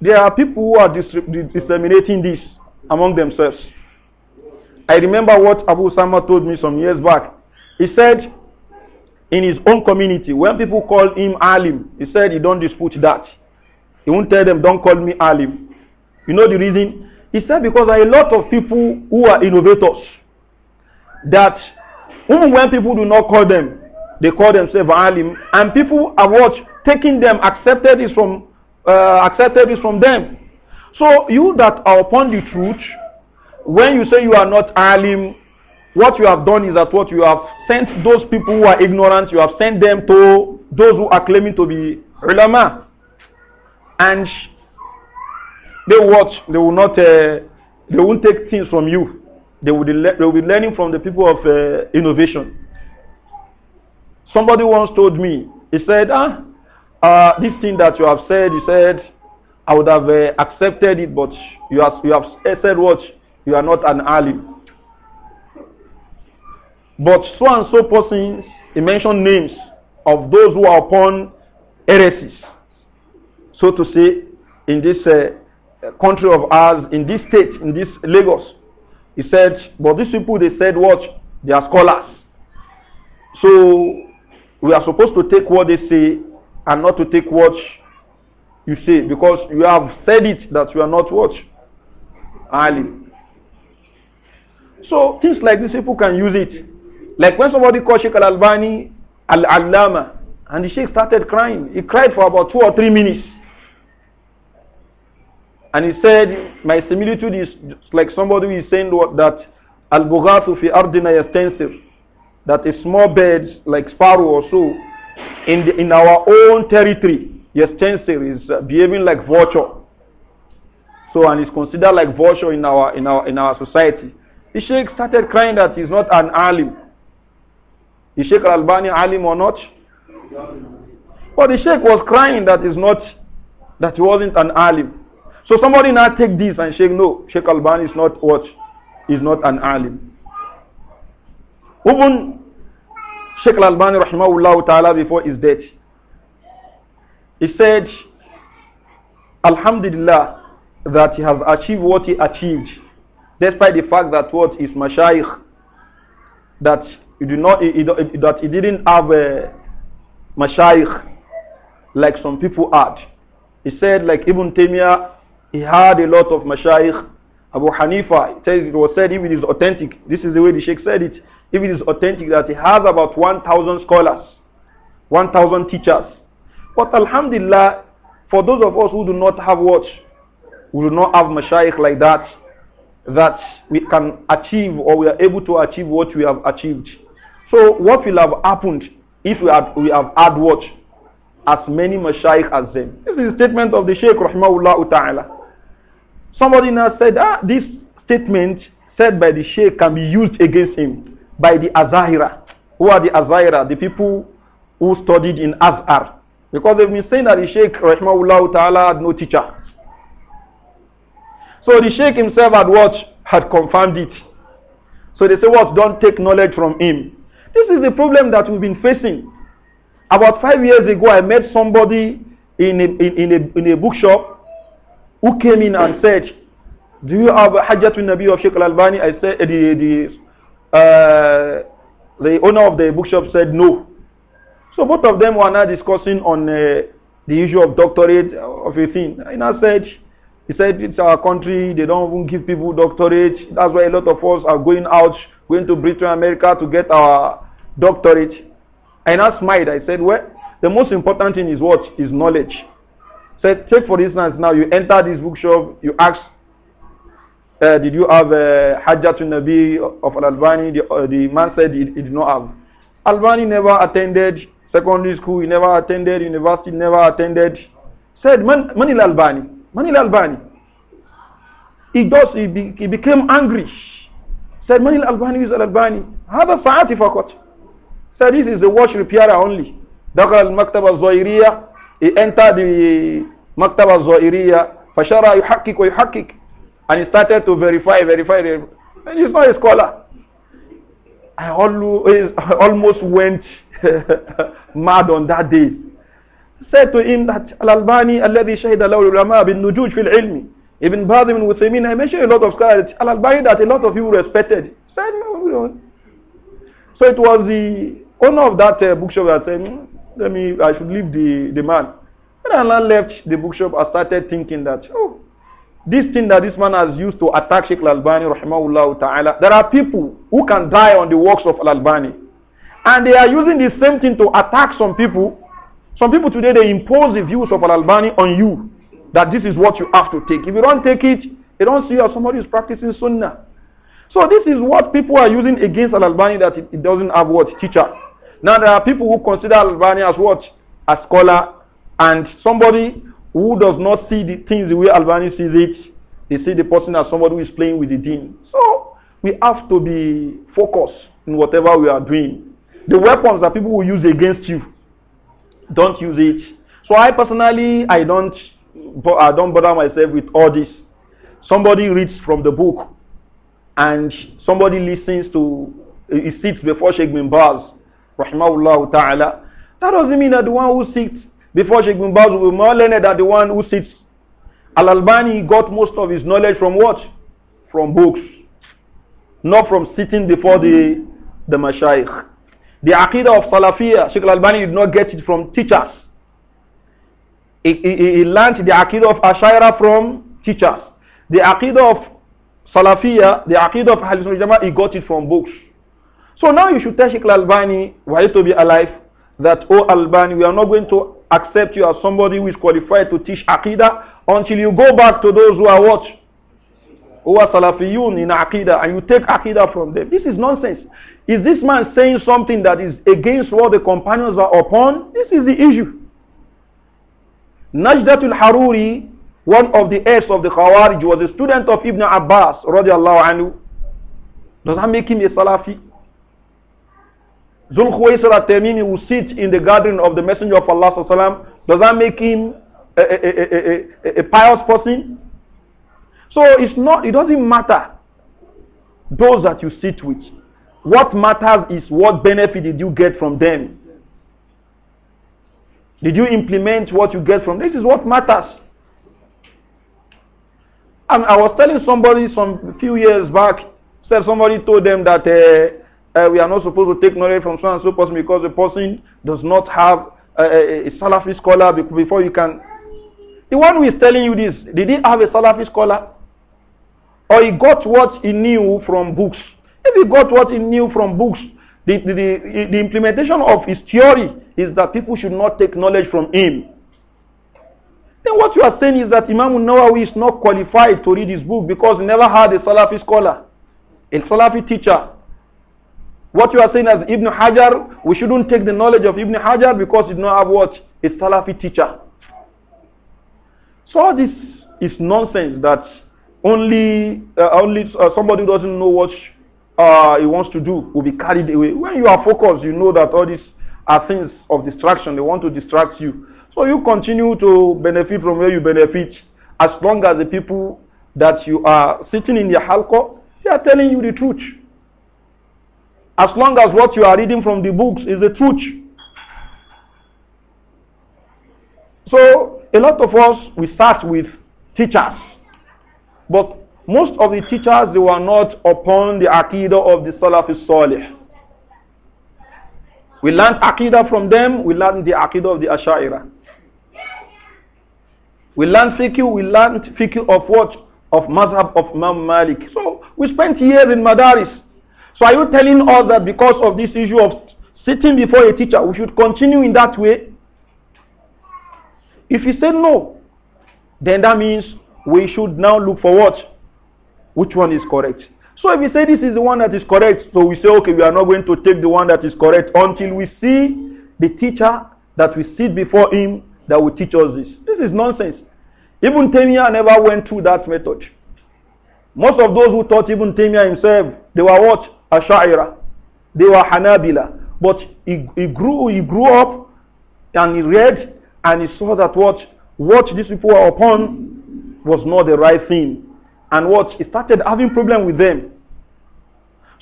[SPEAKER 1] There are people who are disseminating this among themselves. I remember what Abu Sama told me some years back. He said, in his own community, when people call him alim, he said he don't dispute that. He won't tell them, don't call me alim. You know the reason? He said because there are a lot of people who are innovators that even when people do not call them, they call themselves alim, and people are what taking them accepted is from uh, accepted is from them. So you that are upon the truth, when you say you are not alim, what you have done is that what you have sent those people who are ignorant, you have sent them to those who are claiming to be ulama. And they watch, they will not, uh, they won't take things from you. They will, be they will be learning from the people of uh, innovation. Somebody once told me, he said, ah, uh, this thing that you have said, he said, I would have uh, accepted it, but you have, you have said what? You are not an ally.' But so and so persons, he mentioned names of those who are upon heresies, so to say, in this uh, uh, country of ours, in this state, in this Lagos. He said, but these people, they said watch They are scholars. So we are supposed to take what they say and not to take what you say because you have said it that you are not what? Ali. So things like this, people can use it. Like when somebody called Sheikh Al Albani Al Al-Alama, and the Sheikh started crying. He cried for about two or three minutes. And he said, my similitude is like somebody who is saying that Al-Bughathu fi ardina That a small bird like sparrow or so in, the, in our own territory, yastansif is behaving like vulture. So and is considered like vulture in our, in our, in our society. The sheikh started crying that he's not an alim. Is Sheikh Al-Albani alim or not? But the sheikh was crying that he's not, that he wasn't an alim. So somebody now take this and say, no, Sheikh Albani is not what? Is not an alim. Even Sheikh Albani rahimahullah ta'ala before his death, he said, Alhamdulillah that he has achieved what he achieved, despite the fact that what is mashayikh, that he did not, he, he, that he didn't have a mashayikh like some people had. He said, like Ibn Taymiyyah he had a lot of mashayikh. Abu Hanifa, it says it was said, if it is authentic, this is the way the Sheikh said it, if it is authentic that he has about 1,000 scholars, 1,000 teachers. But Alhamdulillah, for those of us who do not have what? We do not have mashayikh like that, that we can achieve or we are able to achieve what we have achieved. So what will have happened if we have, we have had what? As many mashayikh as them. This is a statement of the Sheikh Rahimahullah Ta'ala. Somebody now said, ah, this statement said by the Sheikh can be used against him by the Azahira. Who are the Azahira? The people who studied in Azhar. Because they've been saying that the Sheikh, Rahimahullah Ta'ala, had no teacher. So the Sheikh himself had what? Had confirmed it. So they say, what? Don't take knowledge from him. This is the problem that we've been facing. About five years ago, I met somebody in a, in, in a, in a bookshop who came in and said, do you have Hajjatul Nabi of Sheikh Al-Albani? I said, the, the, uh, the owner of the bookshop said no. So both of them were now discussing on uh, the issue of doctorate uh, of a thing. And I said, he said, it's our country, they don't even give people doctorate. That's why a lot of us are going out, going to Britain, America to get our doctorate. And I smiled. I said, well, the most important thing is what? Is knowledge. So take for instance now you enter this bookshop, you ask, uh, did you have a uh, Hajjatun Nabi of Al-Albani? The, uh, the, man said he, he did not have. Albani never attended secondary school, he never attended university, never attended. Said Man, Manil Albani, Manil Albani. He does. he, be, he became angry. Said Manil Albani is Al Albani. Have a Sa'ati Fakot. Said this is the wash repairer only. al Maktab al-Zawiriyah he entered the Maktaba Zawiriya, Fashara yuhakik wa yuhakik. And he started to verify, verify. And he's not a scholar. I always, almost went mad on that day. Said to him that Al-Albani, الذي شهد له bin بالنجوج في العلم. Ibn Badim bin Uthaymeen, I mentioned a lot of scholars, Al-Albani that a lot of you respected. Said, no, no. So it was the owner of that uh, bookshop that said, let me, I should leave the, the man. When I left the bookshop, I started thinking that, oh, this thing that this man has used to attack Sheikh Al-Albani, rahimahullah ta'ala, there are people who can die on the works of Al-Albani. And they are using the same thing to attack some people. Some people today, they impose the views of Al-Albani on you, that this is what you have to take. If you don't take it, they don't see you as somebody who's practicing sunnah. So this is what people are using against Al-Albani, that it, it doesn't have what? Teacher. Now there are people who consider Albania as what? A scholar and somebody who does not see the things the way Albania sees it. They see the person as somebody who is playing with the team. So we have to be focused in whatever we are doing. The weapons that people will use against you, don't use it. So I personally, I don't, I don't bother myself with all this. Somebody reads from the book, and somebody listens to, he sits before Sheikh Mimbaz rahimahullah ta'ala, that doesn't mean that the one who sits before Sheikh bin Baz will be more learned than the one who sits. Al-Albani got most of his knowledge from what? From books. Not from sitting before the, the Mashaykh. The Aqidah of Salafiyah, Sheikh Al-Albani did not get it from teachers. He, he, he learned the Aqidah of Ashaira from teachers. The Aqidah of Salafiyah, the Aqidah of Ahlul Jamaah, he got it from books. So now you should tell Sheikh Al-Albani, why to be alive, that, oh Albani, we are not going to accept you as somebody who is qualified to teach Aqidah until you go back to those who are what? Who are Salafiyun in Aqidah and you take Aqidah from them. This is nonsense. Is this man saying something that is against what the companions are upon? This is the issue. Najdatul Haruri, one of the heirs of the Khawarij, was a student of Ibn Abbas radiallahu anhu. Does that make him a Salafi? Zul Khwaisar al-Tamimi will sit in the garden of the Messenger of Allah does that make him a, a, a, a, pious person? So it's not, it doesn't matter those that you sit with. What matters is what benefit did you get from them? Did you implement what you get from them? This is what matters. And I was telling somebody some few years back, said somebody told them that uh, uh, we are not supposed to take knowledge from so and so person because the person does not have a, a, Salafi scholar before you can. The one who is telling you this, did he have a Salafi scholar? Or he got what he knew from books? If he got what he knew from books, the, the, the, the implementation of his theory is that people should not take knowledge from him. Then what you are saying is that Imam Nawawi is not qualified to read his book because he never had a Salafi scholar, a Salafi teacher. What you are saying as Ibn Hajar, we shouldn't take the knowledge of Ibn Hajar because you do not have what? A Salafi teacher. So all this is nonsense that only, uh, only uh, somebody who doesn't know what uh, he wants to do will be carried away. When you are focused, you know that all these are things of distraction. They want to distract you. So you continue to benefit from where you benefit as long as the people that you are sitting in your halqa, they are telling you the truth as long as what you are reading from the books is the truth. So a lot of us, we start with teachers. But most of the teachers, they were not upon the Aqidah of the Salafi Salih. We learned Aqidah from them, we learned the Aqidah of the Ash'ira. We learned Fiqh, we learned Fiqh of what? Of Mazhab of Imam Malik. So we spent years in Madaris. So are you telling us that because of this issue of sitting before a teacher, we should continue in that way? If you say no, then that means we should now look for what? Which one is correct? So if you say this is the one that is correct, so we say, okay, we are not going to take the one that is correct until we see the teacher that we sit before him that will teach us this. This is nonsense. Even Tamiya never went through that method. Most of those who taught Ibn Taymiyyah himself, they were what? ashaira, They were Hanabila. But he, he, grew, he grew up and he read and he saw that what, what these people were upon was not the right thing. And what? He started having problem with them.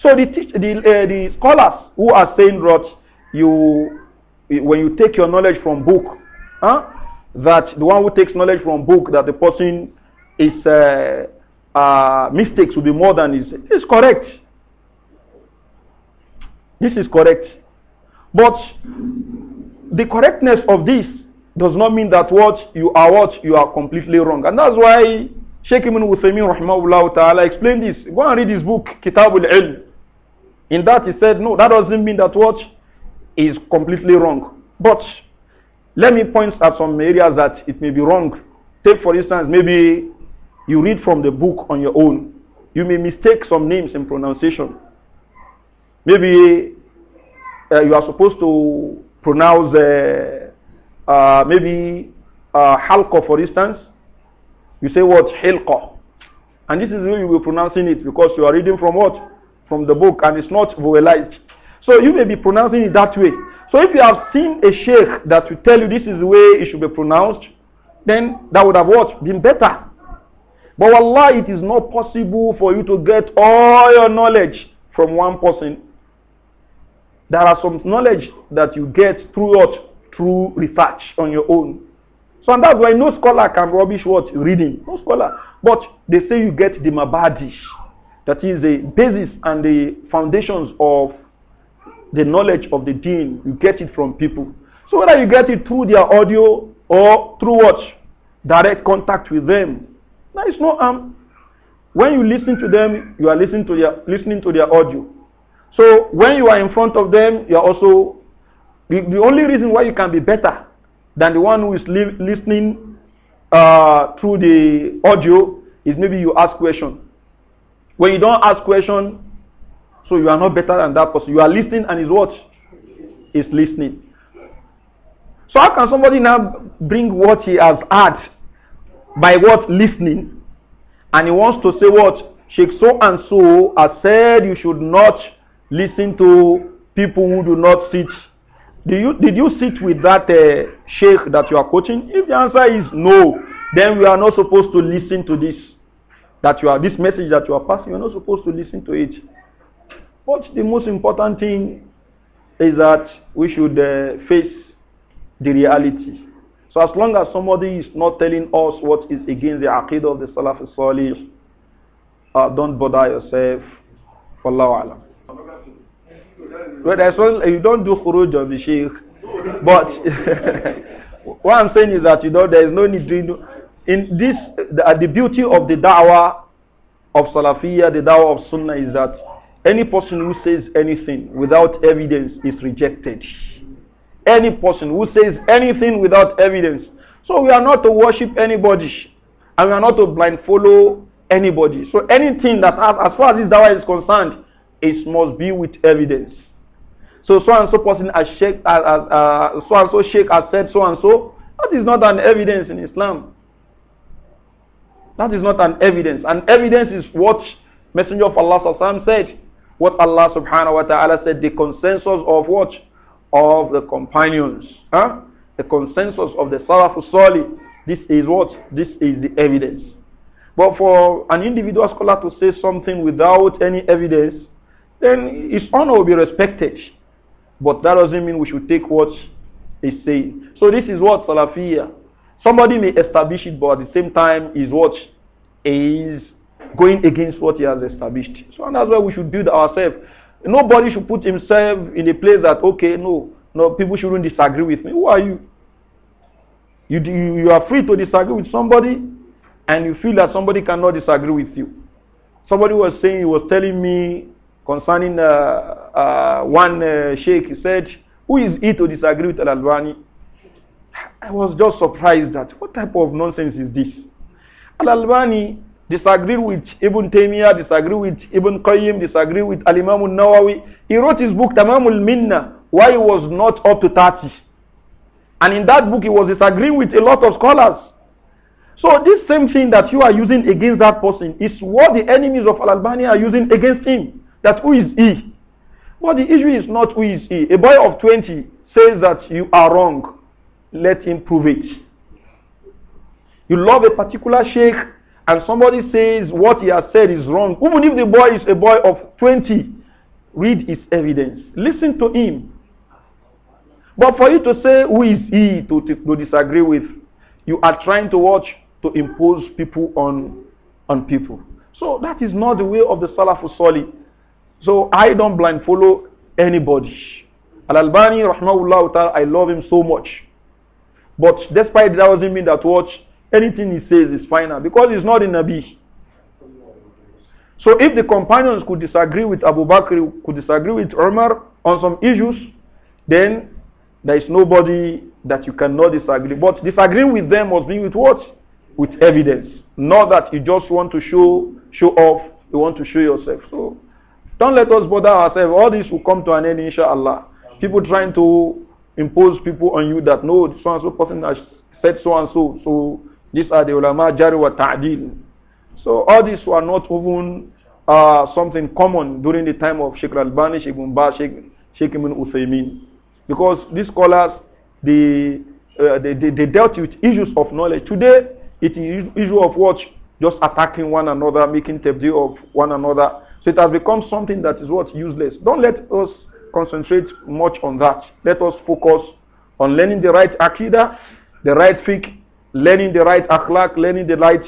[SPEAKER 1] So the, the, uh, the scholars who are saying that you, when you take your knowledge from book, huh, that the one who takes knowledge from book, that the person is... Uh, uh, mistakes will be more than is. It's correct. This is correct. But the correctness of this does not mean that what you are what you are completely wrong. And that's why Sheikh Ibn Uthaymeen rahimahullah ta'ala explained this. Go and read his book, Kitabul Ilm. In that he said, no, that doesn't mean that what is completely wrong. But let me point at some areas that it may be wrong. Take for instance, maybe you read from the book on your own. You may mistake some names and pronunciation. Maybe uh, you are supposed to pronounce uh, uh, maybe uh, halqa, for instance. You say what? Halqa. And this is the you will pronouncing it because you are reading from what? From the book and it's not vowelized. So you may be pronouncing it that way. So if you have seen a sheikh that will tell you this is the way it should be pronounced, then that would have what? Been better. But Allah, it is not possible for you to get all your knowledge from one person. There are some knowledge that you get throughout Through research on your own. So and that's why no scholar can rubbish what? Reading. No scholar. But they say you get the mabadi. That is the basis and the foundations of the knowledge of the deen. You get it from people. So whether you get it through their audio or through what? Direct contact with them there is no arm. When you listen to them, you are listening to their, listening to their audio. So when you are in front of them, you are also the, the only reason why you can be better than the one who is li listening uh, through the audio is maybe you ask question. When you don't ask question, so you are not better than that person. You are listening and is what is listening. So how can somebody now bring what he has heard by what? Listening. And he wants to say what? Sheikh so and so has said you should not listen to people who do not sit. Do you, did you sit with that uh, sheikh that you are coaching? If the answer is no, then we are not supposed to listen to this. That you are this message that you are passing, you are not supposed to listen to it. But the most important thing is that we should uh, face the reality. So as long as somebody is not telling us what is against the aqidah of the Salaf Salih, uh, don't bother yourself. Wallahu alam. Well, you don't do khuruj of the sheikh. But what I'm saying is that you know there is no need to. In this, the, uh, the beauty of the da'wah of Salafiyah, the da'wah of Sunnah is that any person who says anything without evidence is rejected any person who says anything without evidence. So we are not to worship anybody and we are not to blind follow anybody. So anything that has, as far as this dawah is concerned, it must be with evidence. So so and so person has sheikh, uh, uh, uh, so and so sheikh has said so and so. That is not an evidence in Islam. That is not an evidence. An evidence is what Messenger of Allah said. What Allah subhanahu wa ta'ala said, the consensus of what? of the companions. Huh? The consensus of the Salafus Salih. This is what? This is the evidence. But for an individual scholar to say something without any evidence, then his honor will be respected. But that doesn't mean we should take what he's saying. So this is what Salafiyah. Somebody may establish it, but at the same time is what is going against what he has established. So that's why we should build ourselves. Nobody should put himself in a place that, okay, no, no, people shouldn't disagree with me. Who are you? You, you, you are free to disagree with somebody and you feel that somebody cannot disagree with you. Somebody was saying, he was telling me concerning uh, uh, one uh, sheikh, he said, who is he to disagree with Al-Albani? I was just surprised that what type of nonsense is this? Al-Albani disagree with Ibn Taymiyyah, disagree with Ibn Qayyim, disagree with Al-Imam al-Nawawi. He wrote his book Tamamul Minna why he was not up to 30. And in that book he was disagreeing with a lot of scholars. So this same thing that you are using against that person is what the enemies of Al-Albani are using against him. That who is he? But the issue is not who is he. A boy of 20 says that you are wrong. Let him prove it. You love a particular sheikh and somebody says what he has said is wrong, even if the boy is a boy of 20, read his evidence. Listen to him. But for you to say who is he to, to, to disagree with, you are trying to watch to impose people on, on people. So that is not the way of the Salafus Sali. So I don't blind follow anybody. Al-Albani, rahmahullah ta'ala, I love him so much. But despite that doesn't mean that watch Anything he says is final because he's not a Nabi. So if the companions could disagree with Abu Bakr, could disagree with Umar on some issues, then there is nobody that you cannot disagree. But disagreeing with them must be with what? With evidence. Not that you just want to show show off, you want to show yourself. So don't let us bother ourselves. All this will come to an end, inshallah. People trying to impose people on you that no, so and so person has said so and so, so these are the ulama jari wa ta'dil. So all these were not even uh, something common during the time of Sheikh Al-Bani, Sheikh Mumba, Sheikh, Sheikh Ibn Uthaymin. Because these scholars, they, uh, they, they, they, dealt with issues of knowledge. Today, it is issue of what? Just attacking one another, making tabdi of one another. So it has become something that is what? Useless. Don't let us concentrate much on that. Let us focus on learning the right akida, the right fiqh, learning the right akhlaq, learning the right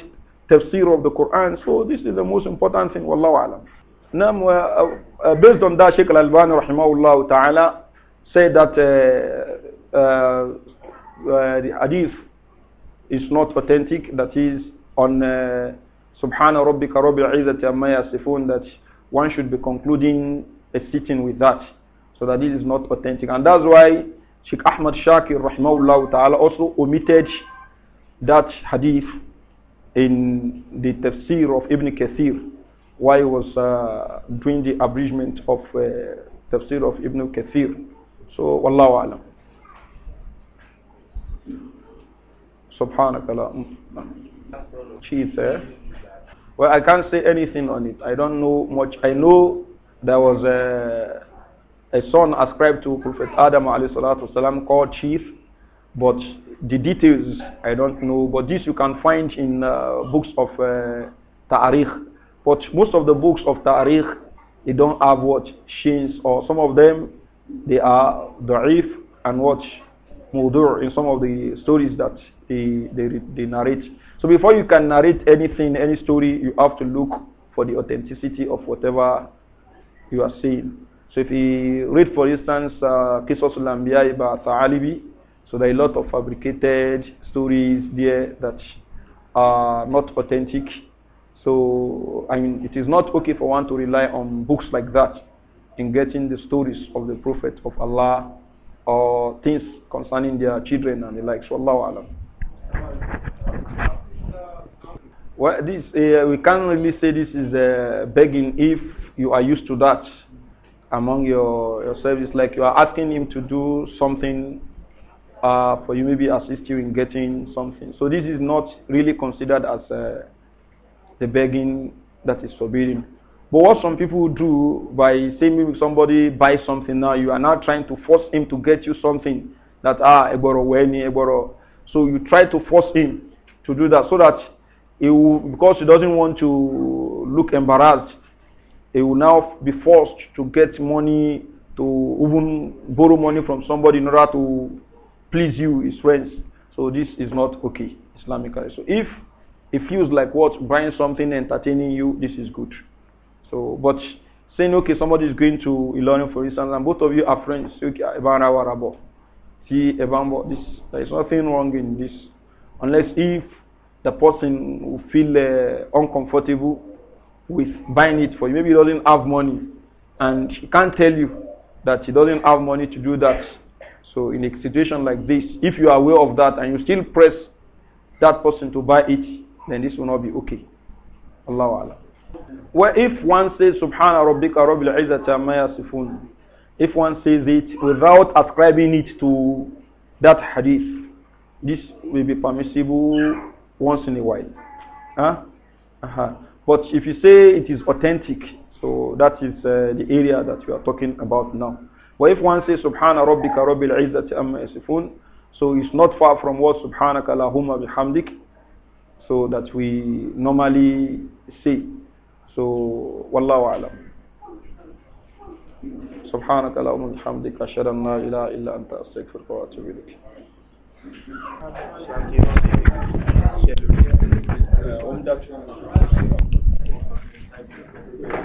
[SPEAKER 1] tafsir of the Quran. So this is the most important thing, wallahu alam. Now, uh, uh, based on that, Sheikh Al-Albani rahimahullah ta'ala said that uh, uh, uh, the hadith is not authentic, that is on Subhanahu Subhana Rabbika Rabbil Izzati Amma Yasifun, that one should be concluding a sitting with that. So that this is not authentic. And that's why Sheikh Ahmad Shakir rahimahullah ta'ala also omitted that hadith in the tafsir of Ibn Kathir while he was uh, doing the abridgment of uh, tafsir of Ibn Kathir. So, Wallahu Alam. Subhanakallah. She mm. Chief, eh? Well, I can't say anything on it. I don't know much. I know there was a, a son ascribed to Prophet Adam والسلام, called Chief, but the details I don't know, but this you can find in uh, books of uh, But most of the books of Tariq, they don't have what shins, or some of them, they are da'if and what mudur in some of the stories that they, they, they narrate. So before you can narrate anything, any story, you have to look for the authenticity of whatever you are saying. So if you read, for instance, Qisasul uh, Anbiya by so there are a lot of fabricated stories there that are not authentic. So, I mean, it is not okay for one to rely on books like that in getting the stories of the Prophet of Allah or things concerning their children and the like. Wallahu alam. Well, this, uh, we can't really say this is uh, begging if you are used to that among your, your service. Like you are asking him to do something uh, for you, maybe assist you in getting something. So this is not really considered as uh, the begging that is forbidden. But what some people do by saying somebody buys something now, you are now trying to force him to get you something that ah eboro weni eboro. So you try to force him to do that so that he will, because he doesn't want to look embarrassed, he will now be forced to get money to even borrow money from somebody in order to please you, his friends. So this is not okay, Islamically. So if it feels like what buying something entertaining you, this is good. So, but saying okay, somebody is going to learn for instance, and both of you are friends. Okay, See, this there is nothing wrong in this, unless if the person will feel uh, uncomfortable with buying it for you. Maybe he doesn't have money, and he can't tell you that he doesn't have money to do that. So in a situation like this, if you are aware of that and you still press that person to buy it, then this will not be okay. Allah Allah. Well, if one says Subhana Rabbika Rabbil Izzati Amma Yasifun, if one says it without ascribing it to that hadith, this will be permissible once in a while. Huh? Uh -huh. But if you say it is authentic, so that is uh, the area that we are talking about now. But if one says Subhana Rabbika Rabbil Izzati Amma Yasifun, so it's not far from what Subhanaka Lahumma Bihamdik, so that we normally say. So, Wallahu Alam. سبحانك اللهم وبحمدك اشهد ان لا اله الا انت استغفرك واتوب اليك